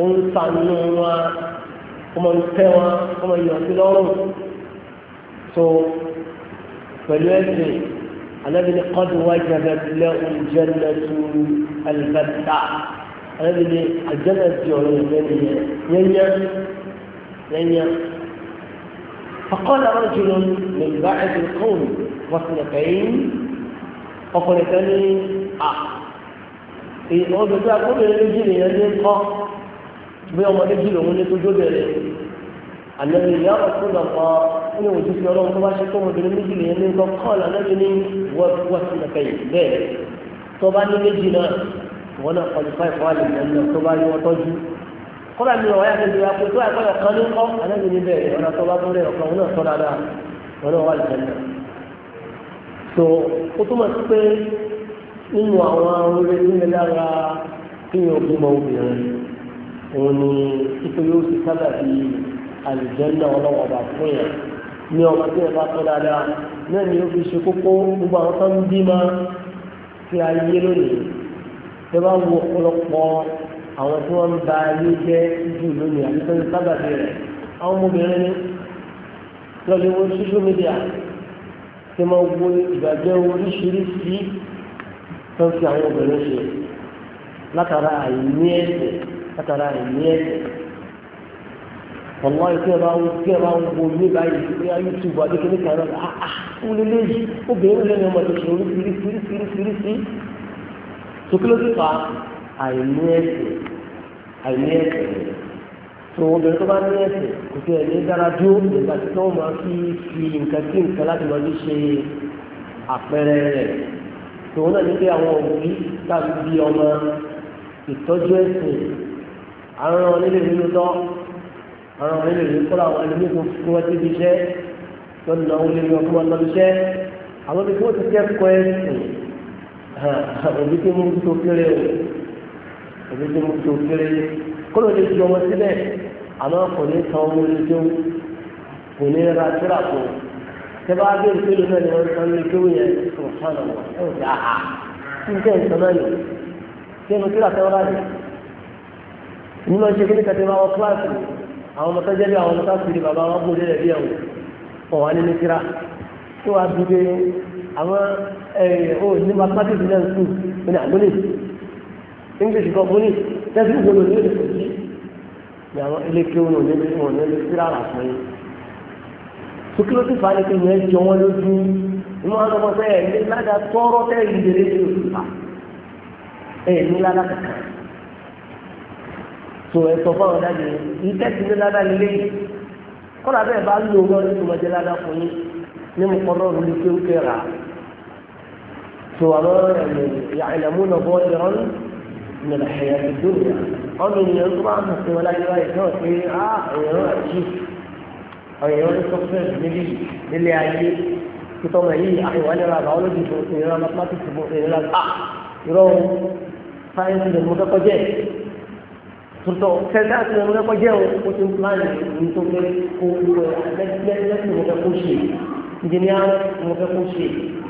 انت kó máa tẹ́ wọn kó máa yọ̀ sí lọ́rùn tó pẹ̀lú ẹ̀sìn alábìíní kọ́dù wájà bẹ̀rẹ̀ ìjẹ́nà tu àlùbẹ́tà alábìíní àjẹ́nà ti ọ̀rọ̀ ìfẹ́ nìyẹn yẹ́nyẹ́ yẹ́nyẹ́. فقال رجل من بعد القوم واثنتين ọkùnrin kan ní à ah, ìwọ́n bẹ̀rẹ̀ méjì nìyẹn ní kọ́ bí ọmọ méjì lòun ní tó jóbẹ̀rẹ̀ àlẹ́bí ìyá ọ̀tún náà pa ó ní òjì fi ọlọ́run tó bá ṣe tó ọmọbìnrin méjì lè ní nǹkan kọ́ àlẹ́bí ní wọ́ọ̀tí nàkẹ́ yìí bẹ́ẹ̀ tó bá ní méjì náà wọn náà qualify fún àlẹ́bí náà tó bá yọ ọtọ́jú kọ́lá mi ò wáyà tó ti yàgò tó àìkọ́ ọ̀kan ní kọ́ àlẹ́bí ní bẹ́ẹ̀ ọ̀nà tó bá tó ọ̀kan wọn náà tọ́ òun ni títí yóò ti sábà di àlùjẹ́ńdà ọlọ́wọ́ba fún yẹn ní ọmọ tí ẹ bá tọ́ dáadáa náà ni ó fi ṣe kókó gbogbo àwọn tó ń bí ma ti ayé lónìí tẹ bá wo ọ̀pọ̀lọpọ̀ àwọn tí wọ́n ń ba ayé jẹ́ jù lónìí àti tó sábà di rẹ̀ àwọn ọmọbìnrin ni lọ́dún wo social media tí máa wo ìgbàgbẹ́ oríṣiríṣi tó ń fi àwọn obìnrin ṣe látara àìní ẹ̀sìn látara rẹ̀ ní ẹ̀sẹ̀ ọ̀nà ìpín ọba ń gbé ọba ń wo ní báyìí pé á youtube adékèké kan náà àá ah, ah, ó lé léyìí obìnrin lẹ́nu ọmọdé ṣe oríṣiríṣiríṣiríṣi sókèlódé fa àìní ẹ̀sẹ̀ àìní ẹ̀sẹ̀ tó obìnrin tó bá ní ẹ̀sẹ̀ kò sí ẹ̀ní dára dúró nígbà tí wọ́n máa fi fi nǹkan sí nǹkan láti lọ́ọ́ ṣe àpẹẹrẹ rẹ̀ tòun náà ní pé àwọn òbí tàbí ọmọ ìtọ́jú ẹ̀sìn àwọn ọ̀rọ̀ nílé ìlú tọ́ àwọn ọ̀rọ̀ nílé ìlú kọ́lá àwọn ẹlòmíì kò fún wọn síbi iṣẹ́ tó ń lọ wọlé wọn fún wọn lọ àwọn ibi tí wọ́n ti kẹ́kọ̀ọ́ ẹ̀sìn òbí tí mo tó kéré òbí tí mo tó kéré kọ́lọ́ lè ju ọmọ sílẹ̀ àmọ́ kò ní ọmọ ní tó kò ní ra síra kù tẹ́bá bí ìpele náà ni wọ́n san ní kéwì yẹn kò ń gbà ní lọ ṣe kí ní kẹtẹ́ máa wọ kíláàsì àwọn ọmọ tọ́jẹ́ bí àwọn ọmọ tọ́jẹ́ bí bàbá wọn gbòdé rẹ̀ bí ẹ̀wọ̀n wọn wà nínú kíra tó wàá dúdé àwọn ò ní mathematics náà ń sùn ó ní àgbóni english kan fún ní tẹ́sí ìgbòho ní èdè kòtí ní àwọn ilé kéwọn ò ní lè wọn ní lè kíra rà fún yín tó kí ló ti fà á ní pé ìyẹn jọ wọn lójú ní wọn lọ́mọ sẹ́yìn ní tó ẹ sọ fáwọn dájú yìí tẹ́sí ní ládá lílé yìí kọ́lá bẹ́ẹ̀ bá lò wọ́n ní tòmọ́jẹ́ ládá fún yín ní mo kọ́rọ́ òun ní kéwúké rà tó àwọn ẹ̀mí ìyàlẹ̀mú náà bọ́ ìrọ́n nílẹ̀ ẹ̀yà ìdúró ọmọ ènìyàn tó máa ń sọ wọn láyé wáyé náà pé á èèyàn àjí èèyàn ní sọ́fẹ́ẹ̀sì níbí nílé ayé títọ́mọ yìí tòótọ́ sẹ́ńtà tí wọ́n lẹ́kọ́ jẹ́ òun kó tó ń pláàni ní tó fẹ́ kó wọ lẹ́sìn mo fẹ́ kó ṣe ìjìnìá mo fẹ́ kó ṣe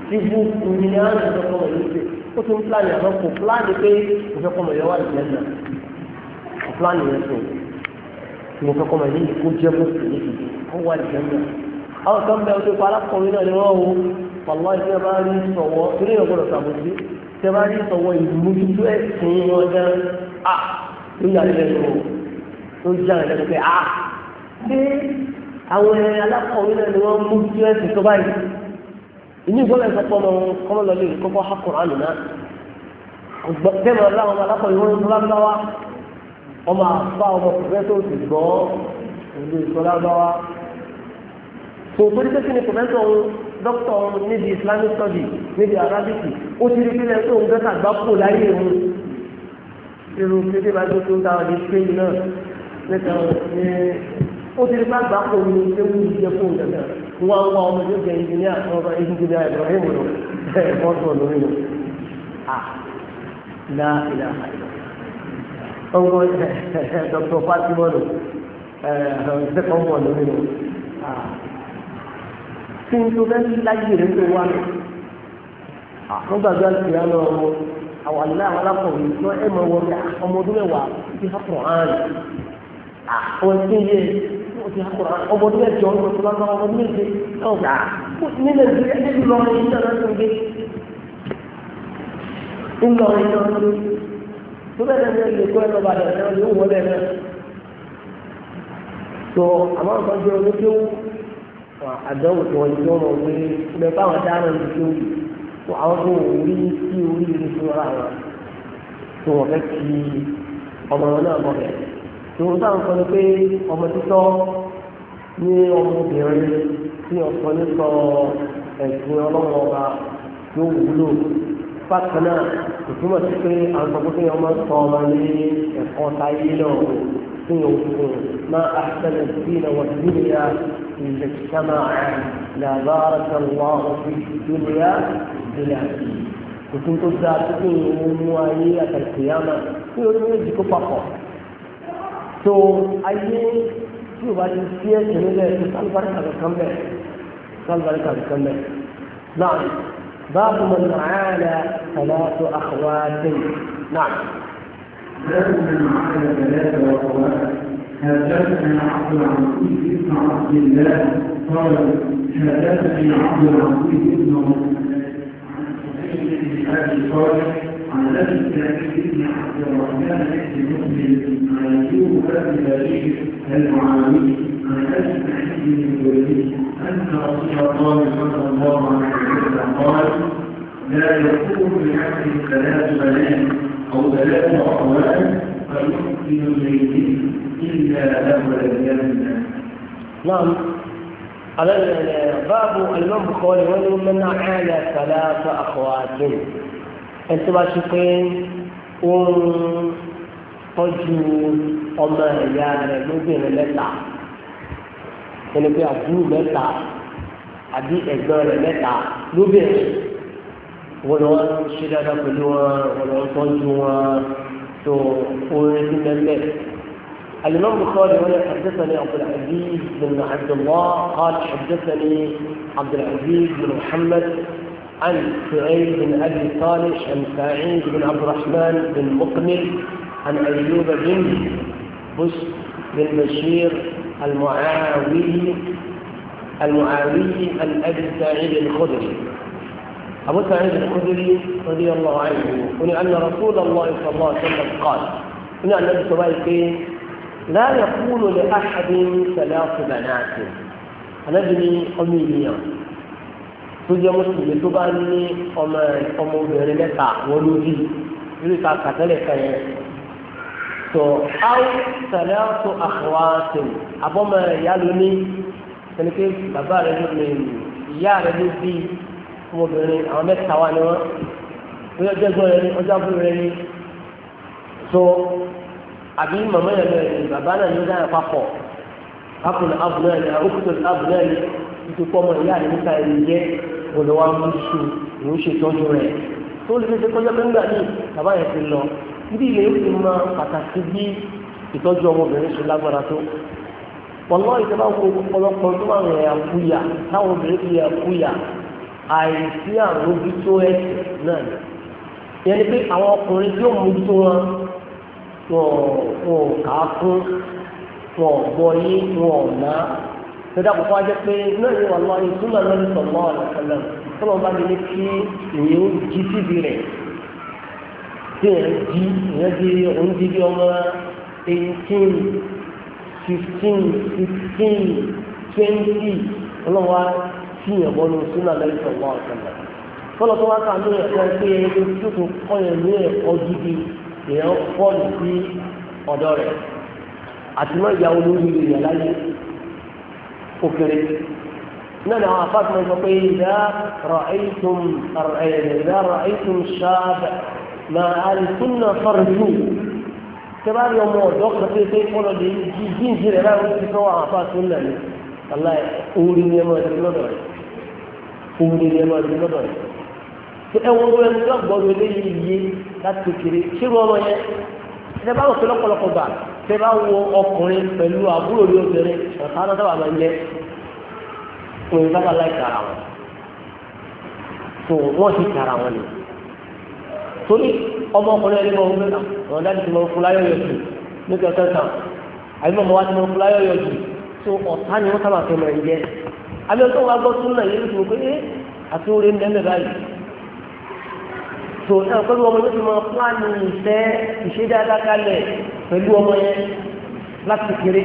síbú ìjìnìá mo fẹ́ kọ́ mọ̀ lóṣè kó tó ń pláàni àmọ́ kò pláàni pé mo fẹ́ kọ́ mọ̀ yẹn wà lẹ́sìn náà kò pláàni yẹn tó mo fẹ́ kọ́ mọ̀ yẹn kó jẹ́ mọ́ sí ní ìdí ó wà lẹ́sìn náà àwọn kan bẹ ọdún pa alákọ̀wé náà ni wọ́n wo wàlúwà tí a bá rí sọ̀wọ́ torí ìyẹn gbọ́dọ̀ sàbòsí tí a bá rí sọ̀wọ́ ìmójútó ẹ̀sìn wọn gan tó yà lẹ́nu tó já lẹ́nu pé a ah! ṣé àwọn alákọ̀wé náà ni wọ́n mú kí wọ́n ti tó báyìí inú ìgbọ́lẹ̀ sọ pé ọmọ kọ́mọ lọ lè kọ́kọ́ ha Kùránì náà bẹ́ẹ̀ ni àwọn alákọ̀wé wọn ń lọ́lá wá ọmọ àfa ọmọ kùfẹ́ tó ti gbọ́ ìlú ìsọlábáwá tó torí pé kí ni pòfẹ́sọ̀ ń dókítà níbi Islamic study níbi Arabic ó ti rí pílẹ̀ tó ń gbẹ́ta gbáko láyé òun irú kéde bá tó tó ń táwọn ní pé náà níta ní ó ti rí bàbá kò ní ṣé wù ú jẹ fún ìdàgbà wọn wá ọmọ tó jẹ ìjìnlẹ̀ àtọwọba ìjìnlẹ̀ Ibrahim lọ ẹ bọtọ lórí lọ à lá ìlà ọgbọ ẹ dr fatimọlù ẹ sẹkọọmọ lórí lọ à kí n tó bẹ láyé rẹ tó wà lọ àwọn gbàgbé àti ìyá lọ wọn àwọn àlùlá àwọn alákọ̀wé tí wọ́n ẹ̀ mọ̀ wọ́n bí ọmọ ọdún mẹ́wàá ti ha Quran a ẹgbẹ́ yẹ ti ha Quran ọmọ ọdún mẹ́jọ ọmọ ọdún mẹ́jọ ọmọ ọdún mẹ́jọ ọmọ ọdún mẹ́jọ ọmọ ọdún mẹ́jọ ọmọ ọdún mẹ́jọ ńlọrin náà ló tó bẹ́ẹ̀ ní ẹgbẹ́ kó ẹ lọ́ba rẹ̀ náà yóò wọ bẹ́ẹ̀ náà. tó àwọn kan jẹ́ oníkéwù àdánwò tó wọ́n ti wọ́n mọ̀ wí bẹ́ẹ̀ báwọn dáná ní kéwù tó àwọn tó ń rí sí oríire fún ara wọn tó wọ́n fẹ́ kí ọmọ wọn náà bọ̀ bẹ̀. tòun táwọn sọ ni pé ọmọ títọ́ ní ọmọbìnrin tí ọ̀sán ní sọ ẹ̀sìn ọlọ́run ọba tó wúlò bákan náà kò túmọ̀ sí pé àwọn sọ pé ọmọ sọ ọmọ ní ẹ̀kọ́ táyé náà fún òkun máa àṣẹlẹ̀ sí ìnáwó ìdílé ìjẹ̀kí sámáà làbára kan wá òfin ìdílé sílẹ̀ àti kòtò tó da àtúntò ìwọ̀n mú ayé àtàkìyàmà tí o ní ìdíkó papọ̀ tó ayé tí o bá ti sí ẹ̀sìn nílẹ̀ tó sálùbáríkà kankan bẹ̀ sálùbáríkà kankan bẹ̀ náà báàbù mọ̀ nàáyà sàlátò àkọwáṣẹ́ náà. حدثني عبد العزيز بن عبد الله قال حدثني عبد العزيز بن عبد الله أبي صالح عن أبي سعيد بن عبد الرحمن بن مسلم عن أيوب بن بشير المعاوي عن أبي سعيد بن الوليد أن رسول الله صلى الله عليه وسلم قال لا يكون لعبد ثلاث بنات أو ثلاث أخوان فيحسن إليهم إلا له الجنة. نعم باب الإمام البخاري ولو من على ثلاث أخوات أنت ما شقين tọ́jú ọmọ ẹ̀yà rẹ̀ lóbìnrin mẹ́ta ẹni pé àbúrò mẹ́ta àbí ẹ̀gbọ́n rẹ̀ mẹ́ta lóbìnrin wọn ni wọn ṣe dáadáa pẹ̀lú wọn wọn ni wọn tọ́jú wọn tó orin sí mẹ́mẹ́. الإمام البخاري هنا حدثني عبد العزيز بن عبد الله قال حدثني عبد العزيز بن محمد عن سعيد بن أبي صالح عن سعيد بن عبد الرحمن بن مقمل عن أيوب بن بش بن بشير المعاوي المعاوي عن أبي سعيد الخدري أبو سعيد الخدري رضي الله عنه أن رسول الله صلى الله عليه وسلم قال أن النبي صلى الله عليه وسلم لا يقول لأحد ثلاث بنات أنا ابني أمي tó jẹ́ mùsùlùmí tó bá ní ọmọ ọmọ obìnrin mẹ́ta wọn ló rí lórí ta kàtẹ́lẹ̀ kan yẹn tó áwù sàlẹ̀ tó àkọ́wá tó abọ́mọ ìyá ló ní ẹni pé bàbá rẹ ló lè ìyá rẹ ló bí ọmọbìnrin àwọn mẹ́ta wà ní wọn bóyá ọjọ́ ẹgbẹ́ rẹ ní ọjọ́ àbúrò rẹ ní tó àbí màmá yẹn lọ ẹ̀yìn bàbá náà ní dáhà papọ̀ akùn abúlé ẹ̀yìn àkókò abúlé ẹ̀yìn ìtukọ̀ ọmọ ìyá rẹ̀ níta ẹ̀yìn jẹ́ olùwà mùsù ló ń ṣètọ́jú rẹ̀ tó lè fi ṣe kọjá pé ńgbà ní bàbá yẹn ti lọ ibi ilé ti mọ pàtàkì bí ìtọ́jú ọmọbìnrin ṣe lágbára tó pọ̀lọ́ ìjọba wo ọlọ́pọ̀ tó wà rẹ̀ àkúyà táwọn obìnrin fi àkúyà àìsí àrùn ojú tó ẹ̀sìn náà yẹn ni pé àwọn ọkùnrin tí ó mójútó wọn wọn ò kà á fún wọn ò gbọ́ yé wọn ò ná tẹ́lẹ̀ àkókò ajẹ pé náà ni wà lọ́wọ́ ìtumọ̀ lọ́wọ́ sọ̀mọ́ ọ̀lẹ́sẹ̀lẹ̀ tọ́lọ́ bá mi ní kí èyí ó jí síbi rẹ̀ tí èyí jí èyí jí òun bí ọmọ eighteen fifteen sixteen twenty ọlọ́wọ́ tí èyí bọ́ ní ìtumọ̀ lọ́wọ́ sọ̀mọ́ ọ̀lẹ́sẹ̀lẹ̀ tọ́lọ́ tó wá kà á ní ẹ̀kọ́ pé ẹni tó kọ́ yẹn ní ẹ̀kọ́ gidi èèyàn fọ́ọ̀lù sí ọ̀dọ́ rẹ̀ àti mọ́ ìyàwó lórí èèyàn láyé ó kéré náà ni àwọn afáàtì máa ń sọ pé ìdá ra'aytum ìdá ra'aytum ṣáàbà máa àlùsùnà fọ́ọ̀rù tẹ́bá rí ọmọ ọ̀dọ́ kan tó ṣe kọ́ lọ́dẹ yìí jíǹjì rẹ̀ láwọn ti fẹ́ wọn àfa tó lẹ̀ ní aláì orí ni ẹ máa di lọ́dọ̀ rẹ̀ orí ni ẹ máa di lọ́dọ̀ rẹ̀ tó ẹwọn ló ẹni tó gbọ́dọ̀ eléyìí yé láti kékeré ṣírò ọmọ yẹn ṣe bá wọ́n fi lọ́pọ̀lọpọ̀ gbà ṣe bá wọ ọkùnrin pẹ̀lú àbúrò ní obìnrin ọ̀tá náà sábà máa ń yẹ òun sábà láìka ara wọn tó wọ́n ti kara wọn ni torí ọmọkùnrin ẹni máa ń gbé àwọn dáàbò tí wọ́n fún láyọ̀ yọ jù ní kẹ̀kẹ́ kan àbí mọ̀mọ́ wa tí wọ́n fún láyọ̀ yọ jù tó ọ̀tá ni wọ́n sábà fẹ́ máa ń yẹ àbí ọ̀tọ́ wa gbọ́ tún náà yẹ so náà pẹ̀lú ọmọ yóò ti máa pláàni ìfẹ́ ìṣẹ́dáadákalẹ̀ pẹ̀lú ọmọ yẹn láti kéré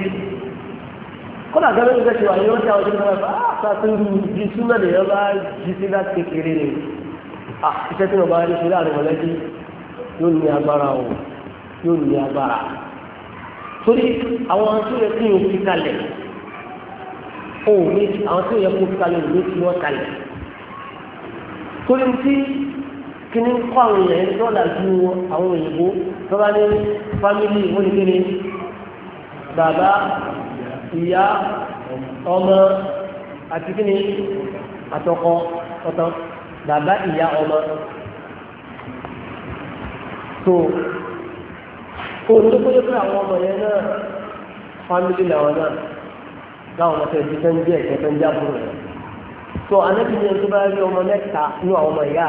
kọ́nà àgbẹ̀rẹ̀ ìfẹ́ ah, ti wà ní ọjà ọdún náà bá sàtúrú ju súnmọ́ lè yọ bá jí sí láti kéré ni ah, iṣẹ́ tí wọ́n bá rí sílẹ̀ àrùn mọ̀lẹ́bí yóò ní agbára o yóò ní agbára torí àwọn tó yẹ kí n fi kalẹ̀ o ní àwọn tó yẹ kó kalẹ̀ o ní fi wọ́n kalẹ̀ torí ti kíní kọ́ àwọn èèyàn ẹni tó àwọn òyìnbó tó bá ní fámílì oníkíní bàbá ìyá ọmọ àti kíní àtọkọ ọ̀tọ̀ bàbá ìyá ọmọ tó olùdókòyè pé àwọn ọmọ yẹn náà fámílì làwọn náà láwọn ọmọ tẹ̀sí ń jẹ́ ìtẹ́tẹ́ ń jábọ̀ rẹ̀. tó anábì ni ọjọ́ bá rí ọmọ mẹ́ta ní àwọn ọmọ ìyá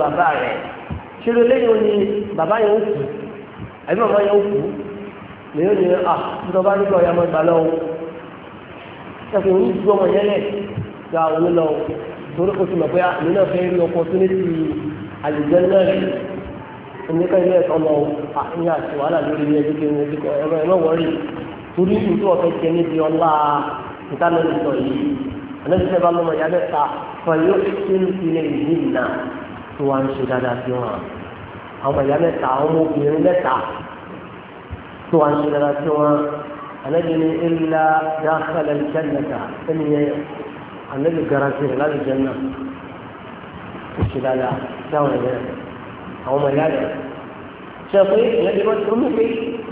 bàbá rẹ̀ ṣé ló léyìn bàbá yẹn ó kú àbí màmá yẹn ó kú lèyìn òní à ya bá nígbà ọ̀yà máa gbà lọ́wọ́ ṣàkóso òun ju ọmọ yẹn lẹ̀ gba lọ torí o ti mọ̀ pé àmì náà fẹ́ rí opportunity jẹ anẹ́sẹ̀ bá lọ́mọ ìyá mẹ́ta fọyọ́ sílẹ̀ yìí nà tó wá ń ṣe dáadáa sí wọn àwọn ìyá mẹ́ta àwọn obìnrin mẹ́ta tó wá ń ṣe dáadáa sí wọn anẹ́bí ni ilá dáhàlẹ̀ jẹ́nẹ̀ta ẹni yẹn anẹ́bí garanti rẹ̀ láti jẹ́ náà ó ṣe dáadáa sáwọn ẹ̀yẹ àwọn ọmọ ìyá rẹ̀ ṣe pé ìyẹn ti wọ́n ti mú pé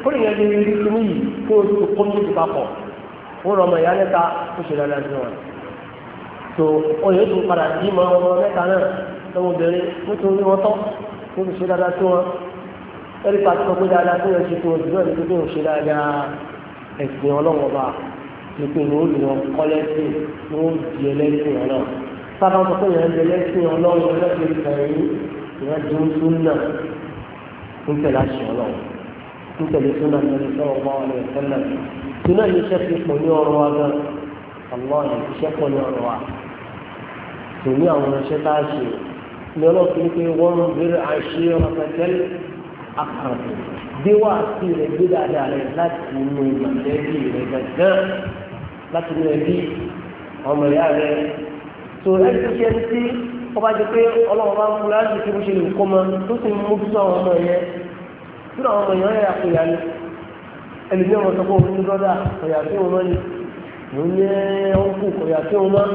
kó ìyẹn ti rí rí mú kó o tó kó mú ti papọ̀ ó rọ ọmọ ìyá mẹ́ta ó ṣe dáadáa sí wọn tó oyè tó padà bí mọ ọmọ mẹ́ta náà lọ́wọ́ obìnrin nítorí wọn tọ́ tó fi ṣe dáadáa tó wọn ẹ̀rí pàtó sọ pé dáadáa tó yẹ ṣe tó òdùdó ẹ̀rí tó tó ṣe dáadáa ẹ̀sìn ọlọ́wọ́ bá nípe ni ó lù wọn kọ́lẹ́ sí ni ó di ẹlẹ́sìn ọlọ́wọ́ sábà sọ pé ìyẹn di ẹlẹ́sìn ọlọ́wọ́ ẹlẹ́sìn ìfẹ̀yìn ìyẹn di oṣù náà ń tẹ̀lé àṣẹ ọlọ́wọ́ ń tẹ̀lé iṣẹ́ pọ̀ ní ọrọ̀ wa gan-an àlọ́ ìṣẹ́ pọ̀ ní ọrọ̀ wa pẹ̀lú àwọn ọ̀ṣẹ́ tá a ṣe ní ọlọ́pìn pé wọ́n ń bẹ̀rẹ̀ àṣẹ ọ̀pẹ̀tẹ́lẹ̀ àkàrà bí wà sí rẹ̀ gbé dáadáa rẹ̀ láti inú ìgbàlẹ́bí rẹ̀ gàgán láti inú ẹbí ọmọ ìyá rẹ̀ tó ẹni tó ṣe ń tí wọ́n bá jẹ pé ọlọ́run bá ń kú láti fi ṣe lè mọ tó sì ń mójútó àwọn ọmọ yẹn tí àwọn ọmọ yẹn yà kó yà ni ẹlòmí ọmọ sọ pé òun ní brọ́dà kọ̀yà tí òun mọ́ ni òun ní ọ̀hún kù kọ̀yà tí òun mọ́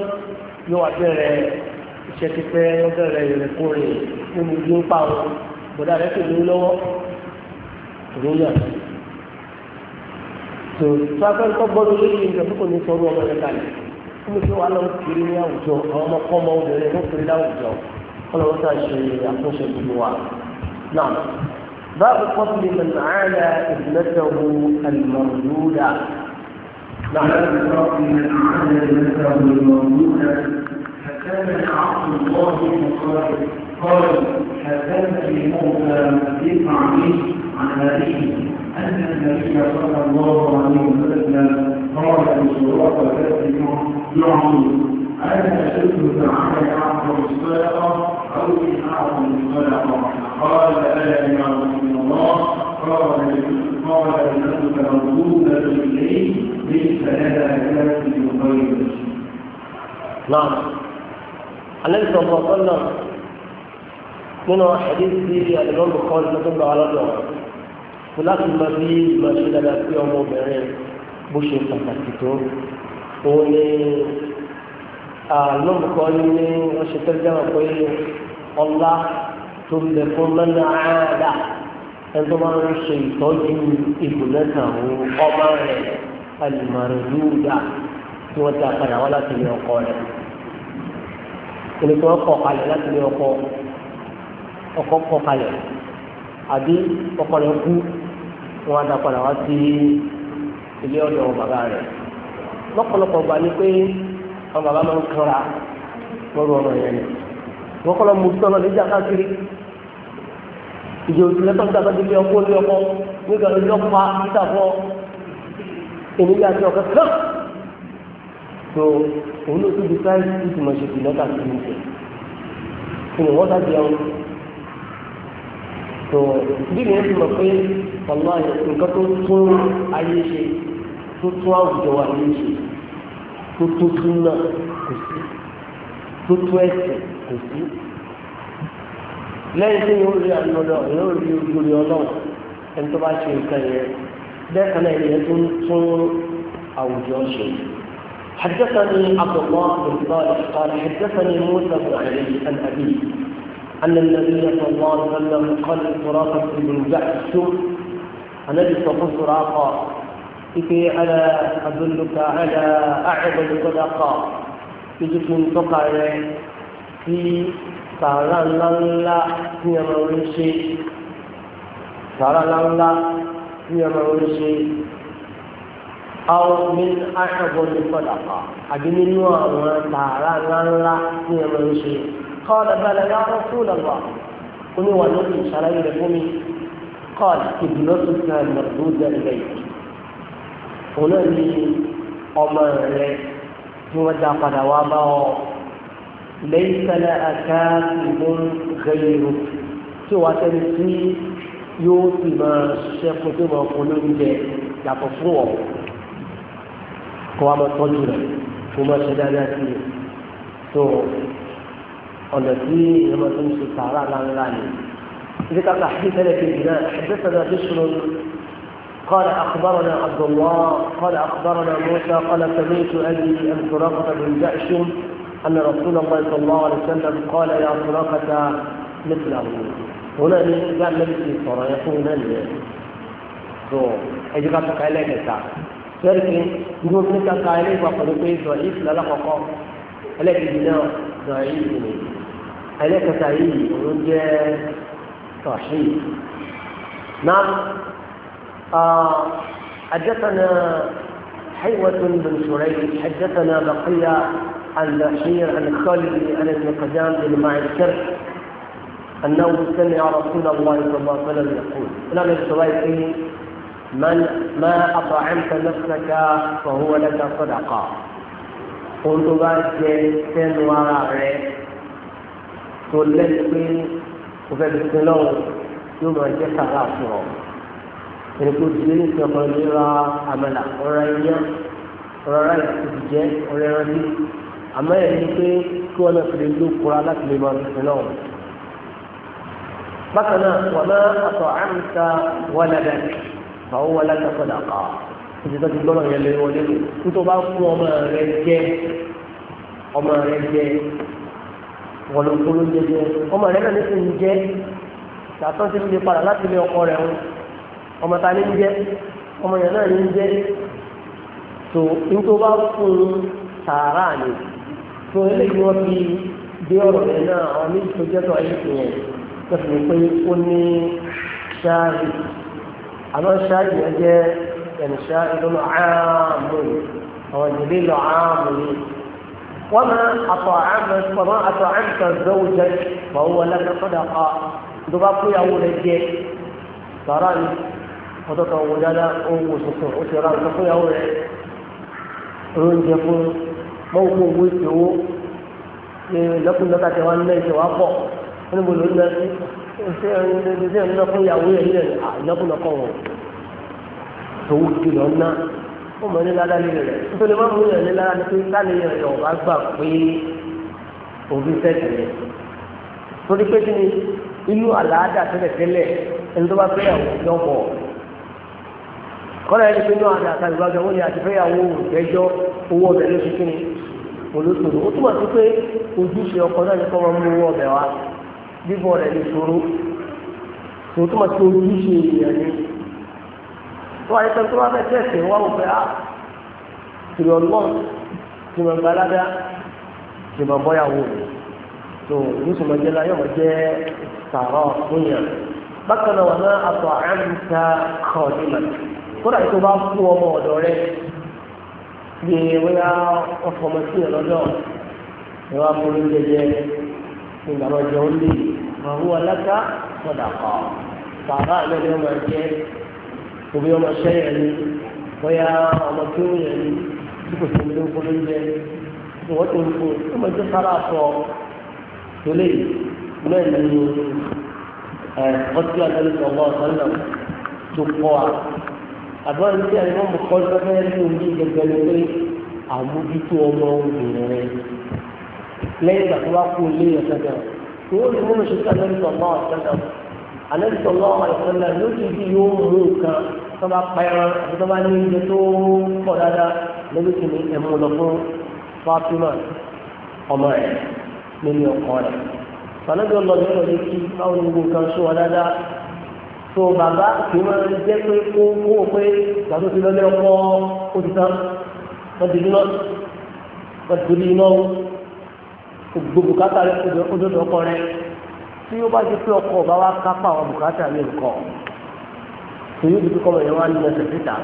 yóò wá bẹ̀rẹ̀ iṣẹ́ ti pẹ́ yóò bẹ̀rẹ̀ ìrẹ̀kúrè nínú ilé ń pa wọn bọ̀dá rẹ̀ kò lówó lọ́wọ́ òun náà tó tó akẹ́kọ̀ọ́ gbọ́dọ̀ lórí ìgbà tó kò ní sọ ọdún ọmọ ẹ̀ka lẹ̀ fún mi tí wàá lọ kiri ní àwùjọ àwọn ọmọkọ́ ọmọ obìnrin ló kiri láwùjọ ọlọ́wọ́ tá a ṣe àkóso ìlú wa náà báàbù ولا ترى من عمل مثله الموجودة فكان عبد الله فقال قال حدثت موسى في عميد عن هذه أن النبي صلى الله عليه وسلم قال بصراط كتبه يعني أنا شفت عمل أعظم الصدقة أو من أعظم الصدقة قال ألا يا رسول الله قال قال انك مردود اليه ليس لنا كافي غيرك نعم النبي صلى الله عليه وسلم منه حديث في الامام البخاري رحمه على الله ولكن ما في ما في لنا في ọmọbìnrin bó ṣe pàtàkì tó òun ni àlọ́ kan ní wọ́n ṣe tẹ́lẹ̀ jẹ́ wọn ẹjọ́ máa ń ṣe ìtọ́jú ìbùlẹ́tà àwọn ọmọ rẹ̀ alìmọ̀rẹ̀lúdà tí wọ́n ti àkàdà wá láti ilé ọkọ rẹ̀. ìlẹ̀kùn ọkọ̀ kalẹ̀ láti ilé ọkọ ọkọ̀ kọ̀ kalẹ̀ àbí ọkọ rẹ̀ kú wọn á dàpadà wá sí ilé ọ̀dọ̀ bàbá rẹ̀. lọ́pọ̀lọpọ̀ gbà ní pé àwọn bàbá máa ń kanra lọ́rọ̀ ọ̀rọ̀ yẹn ni. wọ́n kọ́ lọ mú sọ́nà níjà káàkiri ìjọ òtúnlẹ̀ tó ń tàbí ilé ọkọ ilé ọkọ nígbà ilé ọkọ níta fọ ènìyàn àti ọkọ tó tó òun ló tún di káyì tí tí mo ṣe fi lọ́tà sí ní ìṣẹ̀ kí ni wọ́n bá jẹun tó bí mi ń fi mọ̀ pé ọ̀la nǹkan tó tún ayé ṣe tó tún àwùjọ wa ayé ṣe tó tún tún náà kò sí tó tún ẹ̀sìn kò sí. حدثني عبد الله بن صالح قال حدثني موسى بن علي عن ابي ان النبي صلى الله عليه وسلم قال سراقه بن جحشم النبي صلى سراقه كي على ادلك على اعظم صدقه في جسم تقع في sàárà ńláńlá tí a máa ń ṣe sàárà ńláńlá tí a máa ń ṣe àwọn mi àṣàbọ̀ ní pọ̀dàpà àbí nínú àwọn sàárà ńláńlá tí a máa ń ṣe kọ́ọ̀dà bẹ́ẹ̀ yá wọ́n fún ìdàgbà ó ní wà lókè ìṣàlàyé rẹ̀ fún kọ́ọ̀dà ìdùnnà tó ti hàn mọ̀tò dẹ́rẹ́ yìí ọmọ rẹ̀ tí wọ́n dá padà wá bá ọ. ليس لا كاتب غيرك سوى تنسي يوتي ما الشيخ كما يقولون به يقفوه قوام الطجرة وما شداناتي سوى أن في لما تنسي سعراء عن العالم إذا كانت حديثة لكي بنا حدثنا بشر قال أخبرنا عبد الله قال أخبرنا موسى قال سمعت أني أن ترغب بن جأشم أن رسول الله صلى الله عليه وسلم قال يا سراقة مثله هنا لم يكن صلى يقول تو إجابة كايلة كتا لكن يقول لك كايلة وقالوا ضعيف لا لا عليك بناء لا ضعيف عليك تعيين ونجا صحيح نعم آه، حدثنا حيوة بن شريك حدثنا بقية عن بشير عن خالد عن ابن قدام بن معي الكرب أنه سمع رسول الله صلى الله عليه وسلم يقول لم يستويك من ما أطعمت نفسك فهو لك صدقة قلت بك سن وراء تلت بي وفبسلو يوم غاصره إن يعني كنت جلس يقول لي عملا ورأينا ورأينا تجيك ورأينا àmọ́ ẹ̀ ní pé kí wọ́n náà fi lè ló kura láti lè máa fi náà. bákan náà wọ́n máa àtọ̀ àmìta wọ́lẹ̀dẹ̀ fàwọ́ wọ́lẹ̀dẹ̀ sọ̀dà kà títí tó ti gbọ́dọ̀ yẹn lé wọlé lò nítorí bá fún ọmọ rẹ jẹ ọmọ rẹ jẹ wọlọpọlọ jẹjẹ ọmọ rẹ náà nísìnyí jẹ tàtọ́ ti fi padà láti lé ọkọ rẹ wọn ọmọ ta ní jẹ ọmọ yẹn náà ní jẹ tó nítorí bá fún sàárà ni tó eléyìí wọ́n fi dé ọ̀rọ̀ rẹ̀ náà àwọn méjì tó jẹ́tọ̀ ayé fi yẹn tó fi pé ó ní ṣáàrì àmọ́ ṣáàrì yẹn jẹ́ ẹ̀nì ṣáàrì lọ́nà ààmù àwọn ìdílé lọ ààmù yìí wọ́n máa àtọ̀ àmì rẹ̀ jẹ́ sàrà dáadáa ó wò sọ̀tọ̀ ó oúnjẹ fún mọ́ òkú òwò ètò owó ṣe lọ́kùnlọ́kà tẹ wá nílẹ̀ ìṣẹ̀wá pọ̀ nínú mo lò ń lọ sí ṣé ẹ̀ ń lọ fún ìyàwó yẹn nílẹ̀ ìlọ́kùnlọ́kọ̀ wọn tòwú ti lọ ná ó mọ ní ládàá lílẹ̀ rẹ̀ nítorí wọ́n mú yẹn ní ládàá ní pé sálẹ̀ yẹn rẹ̀ ọ̀gá gbà pé òbí fẹ́ tẹ̀lé torí pé kí ni inú àlàáda tẹ́lẹ̀tẹ́lẹ̀ ẹni tó bá fẹ́ yàwó lọ́pọ̀ kọ́lá yẹn ni pé inú àlàáda ìgbàgbọ́ wọn ni àti fẹ́ yàwó ìgbẹ́jọ́ owó ọ̀bẹ lóṣù kí ni olóṣòro ó túmọ̀ sí pé ojúṣe ọkọ náà ní kọ́ máa mú owó ọbẹ̀ wá bíbọ̀ rẹ̀ ní ṣòro tó túmọ̀ sí ojúṣe èèyàn ni tó wáyé pé tó bá fẹ́ tẹ̀sí wá òfẹ́ á tìrì ọlọ́run tí mo gba lábẹ́ á tí mo bọ́ yàwó mi tó oníṣòwò jẹ́ láyé wọ́n jẹ́ sàrọ̀ fún bákan náà wọn náà àtọ̀ àrùn ta kọ̀ọ̀dìmọ̀ tó bá bí wíyá ọkọ̀ ọmọ sí ìrọ̀lọ́ ìwà polú jẹjẹ ìgbàlọ́ jẹun lè máa wú alága sọ̀dà kọ́ bàbá àná ni wọ́n máa jẹ́ òbí ọmọ sẹ́yìn ẹni wíyá ọmọ tó ń yẹn tí kò sí ní polú jẹ ìwọ́n tó ń kó ọmọ tó sára sọ tólé náà ní ọtí àtẹnusọ̀ ọgbà ọ̀sán náà tó kọ́ wa àbúrò tí a lè mọ̀ kọ́ ló fẹ́ rí omi gẹ́gẹ́ ni pé àmójútó ọmọ obìnrin rẹ lẹ́yìn ìgbà tó bá kú ilé ìyàtọ̀tọ̀ tó ó lè múnú ṣiṣẹ́ lẹ́yìn ọmọ ọ̀tọ̀tọ̀ àlẹ́sọ̀ lọ́wọ́ ìfẹ́lẹ́ lójú bí yóò mú nǹkan tó bá pa ẹran àti tó bá ní oúnjẹ tó pọ̀ dáadáa lẹ́yìn kìíní ẹ̀mú lọ fún Fatima ọmọ rẹ̀ nínú ọkọ rẹ̀. Fàlẹ́bí ọlọ́dún ọ̀dẹ́ kí báwo ni gbogbo nǹkan ṣó wa dáadáa so bàbá kì máa ń jẹ́ pé kó kó o pé gbàdúrà ti lọ́lẹ́ ọkọ ó ti tán wọ́n ti dúná gbogbo bùkátà rẹ ọkọ rẹ tí ó bá ti pé ọkọ ọba wa kápá àwọn bùkátà mi nǹkọ èyí ti fi kọ́ ọ̀yẹ́ wa ní ẹsẹ̀ síta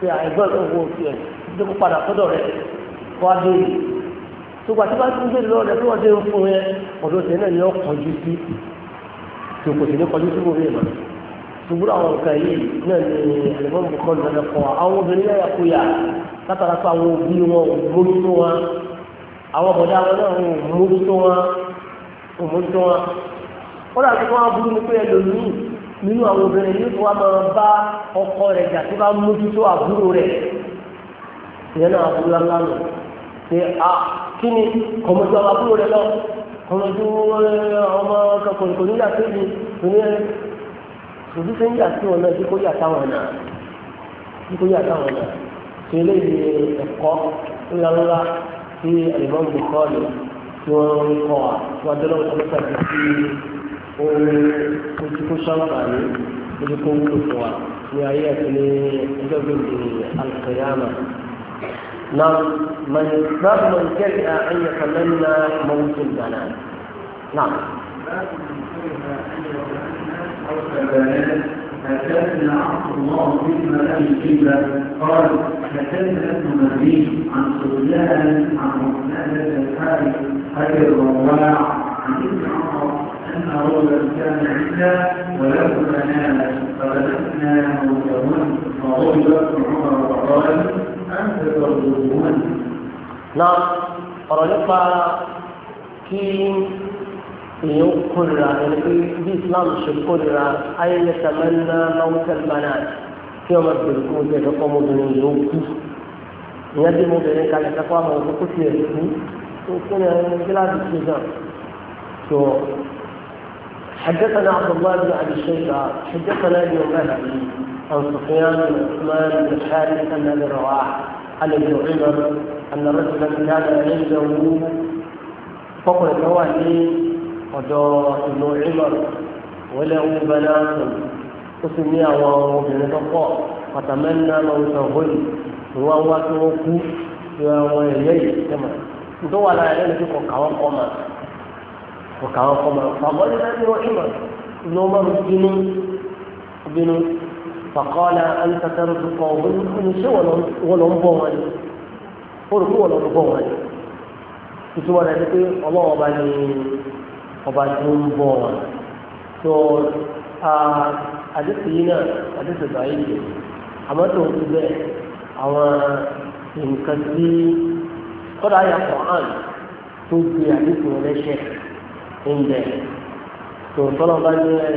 ṣe àìgbọ́n tó wo ẹ̀ tó kó padà sọ́dọ̀ rẹ̀ wá dé yìí tó tí wọ́n ti ń gbé lọ́wọ́ rẹ̀ tó wọ́n dé ń fún yẹn ọ̀dọ̀ tẹ̀ náà ni ó kọjú sí tó kò sì ní kọjú sí gbogbo ìmọ̀ ṣùgbọ́n àwọn nǹkan yìí náà ni àlùmọ́ọ̀mù kọ́ lọ́dọ̀ kọ́ àwọn obìnrin náà yà kóyà látara pé àwọn òbí wọn ò mójútó wọn àwọn ọ̀bọ̀dá wọn náà ò mójútó wọn ò mójútó wọn ó dàbí wọn á burú ni pé ẹlòmíì nínú àwọn obìnrin yóò tó wá máa bá ọkọ rẹ̀ jà tó bá mójútó àbúrò rẹ̀ ìyẹn náà àbúrò ńlá nù ṣe à kí ni kọmọdé ọmọ àbúrò rẹ̀ lọ kọmọdé eh, ọmọ kankan kò ní yà sí ibi kò ní òbí fẹ́ yà sí ọ̀nà tí kò yà táwọn náà tí kò yà táwọn náà ṣe eléyìí ẹ̀kọ́ ńláńlá tí àlùmọ́ọ̀mù kọ́ọ̀lù tí wọ́n ń kọ́ wa wọ́n adọ́lọ́wọ́ tó ń sàbẹ̀ sí i. ojú kó sàǹfààní ojú kó wúlò fún wa ní ayé àti نعم من باب من كره أن يتمنى موت البنات نعم باب من كره أن يتمنى موت البنات أتتنا عبد الله بن أبي شيبة قال حدثنا ابن عن سفيان عن مسند الحارث أبي الرواع عن ابن رجلا كان عنا وله منامة فبدأناه لهن فقلت عمر وقال أنت ترجوهن نعم ọ̀rọ̀lẹ́pa kí èèyàn kórìíra ẹni pé bí Islam ṣe kórìíra ayẹyẹ tàmánà mọ́tẹ́lmánà kí ọmọ bèrè kó jẹ́ ìdọ́kọ́ ọmọbìnrin yìí ó kú ìyẹn bí ọmọbìnrin kalẹ̀ kẹ́kọ̀ọ́ àwọn òkú kó tiẹ̀ kú ó kó ní ẹni kíláàsì ṣe náà tó حدثنا عبد الله بن ابي شيبه حدثنا ابي مهدي عن سفيان بن عثمان بن الحارث بن ابي رواح عن ابن عمر ان رجلا كان عنده فقر فواكه ودار ابن عمر وله بنات وسمي الله بن فقار فتمنى موتهن وهو توفي وهو اليه كما ندور على ذلك وقعوا قمر ọ̀kà àwọn ọmọ fàbọ́lì náà ni wọ́n ìmọ̀ ní wọ́n máa bínú bínú fàkọ́lá alùpàtàrọ̀ tó kọ́ ọ̀hún ní ṣé wọ́n lọ ń bọ̀ wọn ni ó rò pé wọ́n lọ ń bọ̀ wọn ni ìtumọ̀ rẹ̀ ọlọ́wọ́ ọba ni ọba tó ń bọ̀ wọn tó àdéhùn yìí náà àdéhùn báyìí yìí àmọ́ tó ń fi àwọn nǹkan tí kọ́dà yà kọ̀ hàn tó gbé àdéhùn rẹ̀ ṣẹ̀ṣẹ̀. عنده فقال الله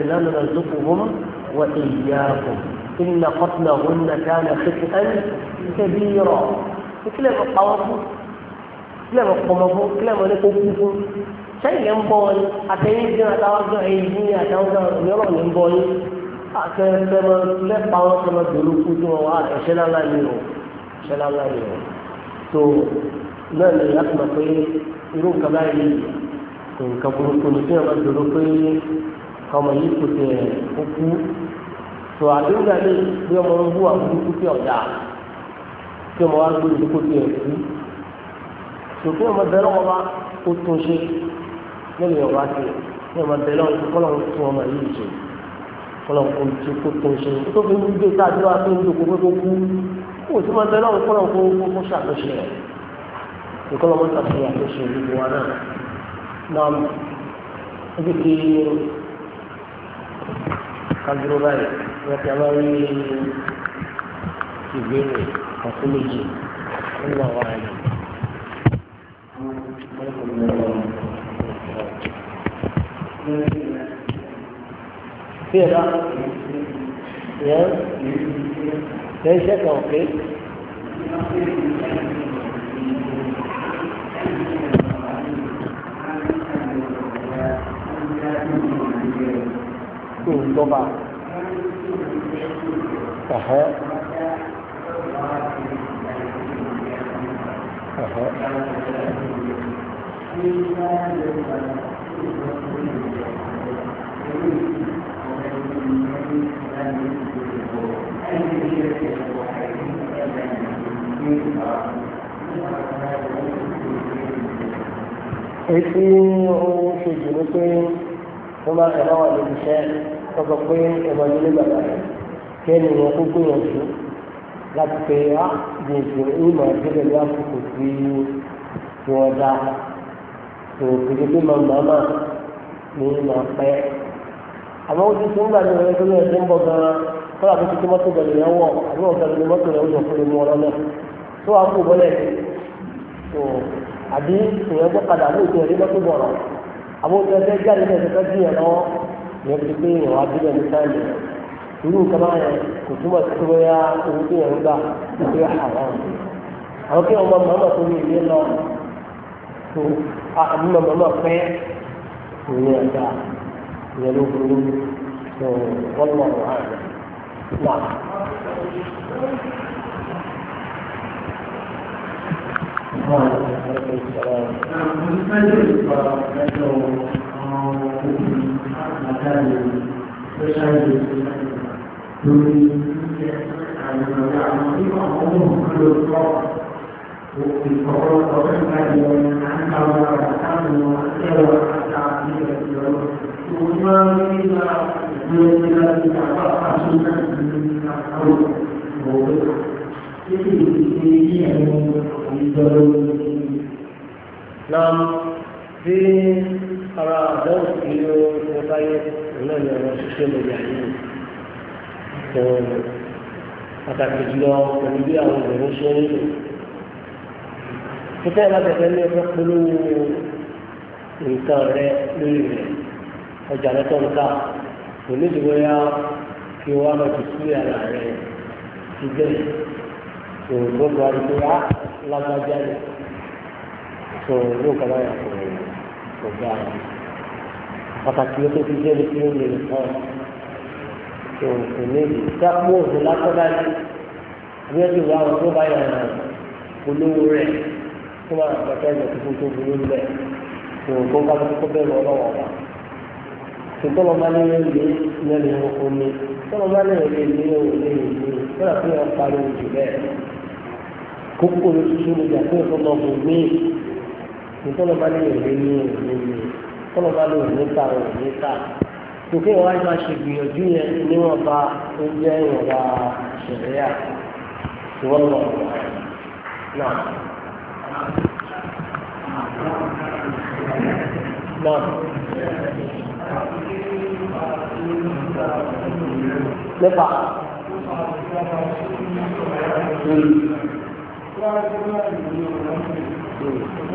لا نرزقهم وإياكم إن قتلهن كان خطئا كبيرا كلام الطواف كلام الطواف كلام الطواف شيء ينبغي أتيجي أن أرجع إيجي أتوقع أن يرى ينبغي أكلم الطواف كما دلوك كما وعاد أشهد الله منه أشهد الله منه تو لا لا نعم، يقمطي يروك بعيد nǹkan burúkú ni tí wọ́n bá dúró pé ọmọ yìí kò tẹ̀ ó kú tó àdéhùn àdé bí ọmọ ń hùwà burúkú tí ọ̀dà tí ọmọ wa gbé ìdíkò tí ẹ̀ kú sòkè ọmọ bẹ̀rẹ̀ ọmọ bá ó tún ṣe lẹ́yìn ọba ti ní ọmọ bẹ̀rẹ̀ ọmọ kọ́lọ̀ ń tún ọmọ yìí ṣe kọ́lọ̀ kò tún kó tún ṣe tó fi ń gbé káàdé tó ń dòkó pé kú kó o tún ọmọ bẹ̀rẹ̀ ọmọ kó kó ṣàtúnṣe rẹ̀ ìkọlọ́mọ ṣàtúnṣe àtúnṣe نعم ذكي قدر باي وتعاوي كبير وكل شيء الله أعلم فيها يا ليش اوكي pè ń lọ́ba ẹ̀hẹ́ ẹ̀hẹ́ èyí tí ṣe jù ní pé ó máa ẹ̀rọ wà lórí iṣẹ́ ọgbà pé ẹ̀mọ ìdílé bàbá rẹ̀ kí ẹni yẹn kó gbìyànjú láti pé á gbìyànjú ìmọ̀ ìdílé ní àsìkò tí tí wọ́n dá òkèdè pé màmá ní máa pẹ́ àmọ́ ó ti tún gbà ní ọ̀rẹ́ tó ní ẹ̀sìn bọ̀ gan-an kọ́lá tó ti tún mọ́tò bẹ̀rẹ̀ yẹn wọ̀ àbí wọ́n bẹ̀rẹ̀ ní mọ́tò rẹ̀ ó jọ fún mi ọ̀rọ̀ náà tó wàá kú bọ́lẹ̀ tó àbí ìyẹn ti pé ìwà abílẹ̀ ní sáyẹn irú nǹkan máa yẹn kò túmọ̀ sí bóyá owó tó yẹn ń gbà pé àwọn àwọn kí ọmọ màmá tó ní ilé lọ tó àmúmọ̀ màmá fẹ́ ìyẹn ẹ̀dá ìyẹn ló burú tó wọ́n mọ̀ wọ́n àná náà. Thank you àwọn Nam, bí ara àdáwò tí ó ń báyé lẹ́nu ọ̀rọ̀ ṣíṣe lórí ayé tó pàtàkì jùlọ pẹ̀lú bí àwọn obìnrin ṣe ń lò. Títẹ́ bá tẹ̀lé ní ọjọ́ polówó nǹkan rẹ lórí rẹ̀ ọjà lọ́tọ̀ nǹkan kò ní ìdìbò yá kí wọ́n lọ ti sí ọ̀gá rẹ̀ pàtàkì ó tó ti jẹ́ létí ini, lè kàn tó kò ní ìdápò òfin lásọ́dá yìí bí ẹ̀sìn wà wọn tó bá yà rẹ̀ olówó rẹ̀ tó máa pàtàkì ẹ̀sìn tuntun tó burú lẹ̀ tó kó bá tó bẹ̀rù ọlọ́wọ́ mana, tọ́lọ́ máa ní ilé mẹ́rin omi tọ́lọ́ máa ní ilé ilé ilé ilé tọ́lọ́ fún ẹ̀ parí ojú bẹ́ẹ̀ kókó nítorí bá lè rè ní òní ní tọ́lọ̀ bá lè ní ta òní ta tòkè wá máa ṣe gbìyànjú yẹn níwọ̀n bá ó jẹ́ ìwọ̀nba ṣẹ̀ríà ìwọ̀n lọ náà. náà nípa lórí.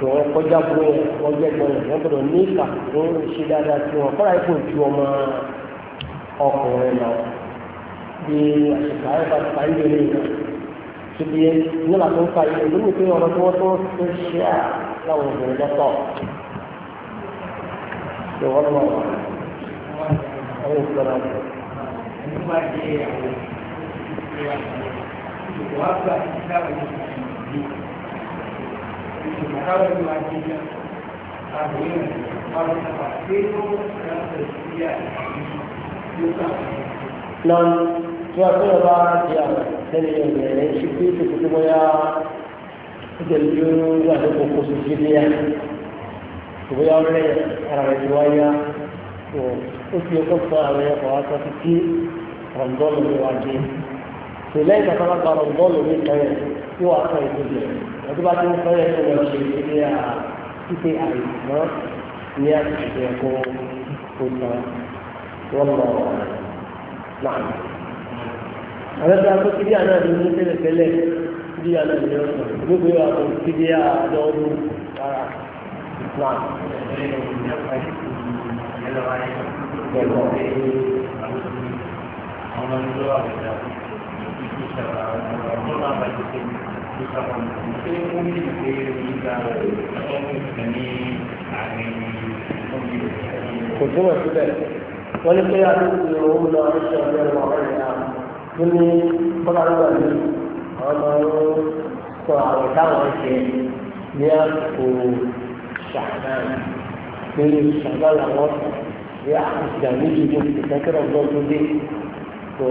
tó wọn kọjá bó wọn jẹ gbọn wọn gbọ́dọ̀ ní ìkà tó ń ṣe dáadáa sí wọn kọ́ra ipò ju ọmọ ọkùnrin lọ bí àṣìkà ẹ̀ bá ta ilé rẹ̀ náà síbi nígbà tó ń fa ilé lórí pé ọ̀rọ̀ tí wọ́n tó ń ṣe à láwọn obìnrin lọ́tọ̀ tó wọ́n lọ́wọ́ wọn àwọn ìṣọ́ra rẹ̀. Thank you. المحاولة العادية تعويم بعض التفاصيل الأساسية Nam tí a fẹ́ bá di àmà sẹ́ni ìrìnlẹ̀ ṣe pé tètè tó bóyá ìjẹ̀lú tí ó wà ní kókó sí sí bí yá. Ìbóyá ọ̀rẹ́ ara rẹ̀ ti wáyá. Ó fi ẹ̀kọ́ fún ara rẹ̀ ọ̀há tó ti kí rọ̀ǹdọ́ọ̀lù mi wá dé. Tòlẹ́yìn kàtàkà rọ̀ǹdọ́ọ̀lù mi kẹ́yẹ̀ yóò wá sọ ìdíje ẹ̀tọ́ bá ti ń sọ yẹn tó lọ ṣe ilé à títí àìsàn ní àṣìṣe ẹ̀kọ́ tó tán wọ́n lọ náà. àbẹ̀tẹ̀ akókìdí àná ni mo tẹ́lẹ̀ tẹ́lẹ̀ kìdí àná ni mo sọ gbogbo yóò àpò kìdí àádọ́rùn rárá náà. Thank you kò túmọ̀ síbẹ̀ wọ́n ní pé àdúgbò ìròyìn lọ àrùsọ ọ̀rẹ́ ọmọ ọ̀rẹ́ ìyá tó ní bọ́lá ló wà ní àwọn ọmọ ọ̀rọ̀ sọ àwọn táwọn ṣe ní àpò ṣàdán lórí ṣàdán làwọn bí àkùsà méjì ló ti tẹ́kẹ́rọ̀ gbọ́ tó dé tó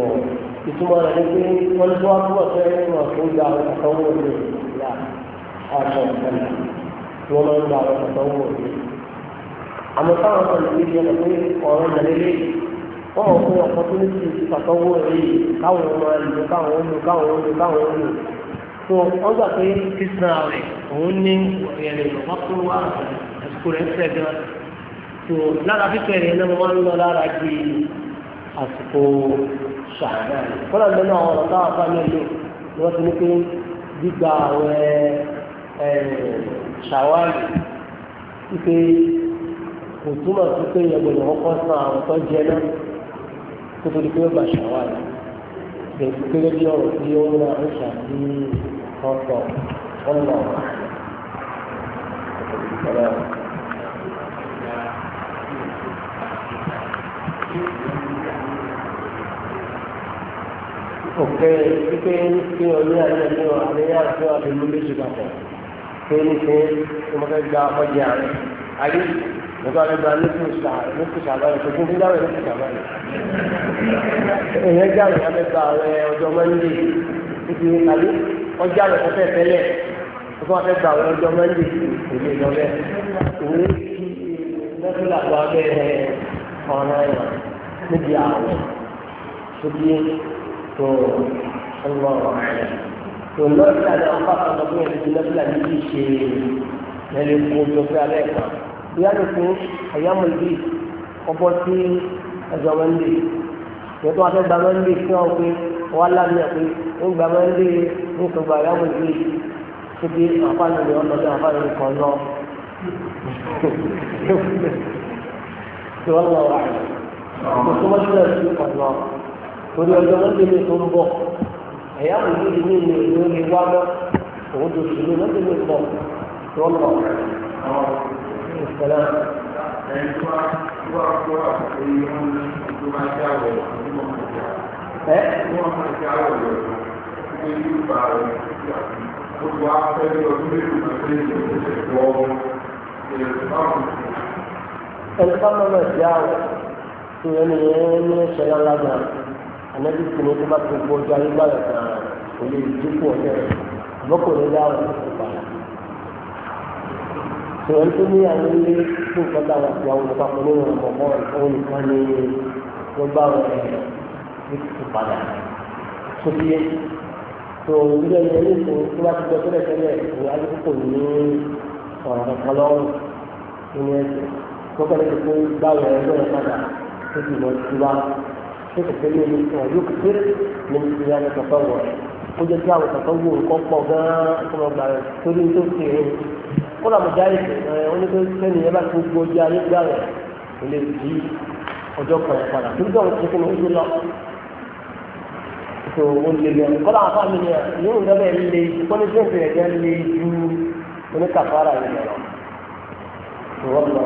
ìtumọ̀ rẹ̀ ni pé wọ́n tó wá túbọ̀ tó ndị wọn tó gba àwọn ọ̀sán wò ìlà àṣọ ìtẹ̀lẹ̀ tí wọ́n máa ń gba àwọn ọ̀sán wò àmọ́ táwọn kan lè fi pé ọ̀rọ̀ wọ́n mọ̀ fún ọ̀pọ̀ tó ní ti káwọn káwọn káwọn káwọn tó wọ́n gbà pé rẹ̀ òun ní ṣàdá kọ́lá lẹ́nu àwọn ọ̀rọ̀ táwọn afá mi lò ni wọ́n ti ní pé gbígba àwọn ṣàwárì wípé kò túmọ̀ sí pé ìyẹn gbọ́dọ̀ kọ́kọ́ san àwọn tó jẹ náà kó tó di pé ó gbà ṣàwárì bẹ̀rẹ̀ kéré bí ọ̀rọ̀ tí ó ń ra ń ṣàbí ọ̀tọ̀ ọ̀nà ọ̀rọ̀. Thank you. òkè pípé pé ọlẹ́ àlẹ́ ní àlẹ́yà àti àti mú méjì papọ̀ pé ní pé mo fẹ́ gba ọjà rẹ̀ ayé nígbà tó gba nípùsà nípùsà báyìí kò tún fi dáwọ̀ nípùsà báyìí. èèyàn jáwèé lábẹ́ gba ààrẹ ọjọ́ mọ́ndé títí àlẹ́ ọjà rẹ̀ kò fẹ́ tẹ́lẹ̀ kó tó wá fẹ́ gba ààrẹ ọjọ́ mọ́ndé kò lè lọ bẹ́ẹ̀. òun ti lọ́sọ̀lá gba abẹ́ ọ̀rọ̀ ẹ̀ níbi àwọn ṣùgbọ́n tó ọlọ́ tó lọ́sílà ní ọ̀pá kan tó yẹ kí lọ́sílà ní kí ṣe lẹ́lẹ́ kó tó fẹ́ alẹ́ kan bóyá ló fún ọ̀yámọ̀lẹ́bí ọbọ̀ sí ẹ̀zọ̀ wẹ́ndé yẹ tó wá fẹ́ gba wẹ́ndé fún ọ pé wọ́n á lámì ẹ̀ pé ń gba wẹ́ndé ń tó gba ọ̀yámọ̀lẹ́bí síbi àfáàlùmí ọlọ́dún àfáàlùmí kan lọ. tí wọ́n lọ wà kò tó wọ́n sílẹ̀ sí ọ̀nà torí ọjọ́ wọn lé ní tó ń bọ̀ ẹ̀yà wò ní ìlú ní ìlú ní wá mọ́ òun tó sì ní wọn lé ní bọ̀ tó ń bọ̀ ìṣẹ̀lẹ̀. ẹ Gbogbo afẹ́lẹ́ ọdún lè lò pé ìṣẹ̀lẹ̀ ọ̀hún ẹ̀rọ bá mọ̀ náà sí àwọ̀ tí ẹni yẹn ní ẹ̀ṣẹ̀ lálágbára ànábi sì ní tó bá ti gbọ́ ọjọ́ ayé gbàgbà kan kò lè dínkù ọ̀tẹ̀ àmọ́kùnrin dáhùn ìpàdà. sọ̀rọ̀ tó ní àwọn ilé tó nǹkan tá a wà sí àwọn olùpapọ̀ nínú ọ̀mọ̀mọ́ ìfọwọ́ nìkan ní wọ́n bá wọn ní ìpàdà sókè tó ilé ẹni ẹni tó tó bá ti gbọ́ tẹ́lẹ̀ tẹ́lẹ̀ ìwé alùpùpù ní ọ̀rọ̀ kankan lọ́rùn nínú ẹ̀sìn tó kẹ́lẹ́ tó gbáwọ̀ ẹgbẹ́ padà tó sì lọ sí wa tó tẹ̀sẹ̀ ní omi kan yóò kéré ní ìyá ní tọ́tọ́wọ̀ ó jẹ́ kí àwọn tọ́tọ́wọ̀ nǹkan pọ̀ gan-an kó lọ gbà rẹ̀ torí tó ṣe é kó làwọn jáde ẹ̀ wọ́n ní pé sẹ́ni ẹ bá ti gbogbo ọjọ́ ayé gbà rẹ̀ kò lè di ọjọ́ kan padà tó dọ̀ ni ó ṣe ni à yóò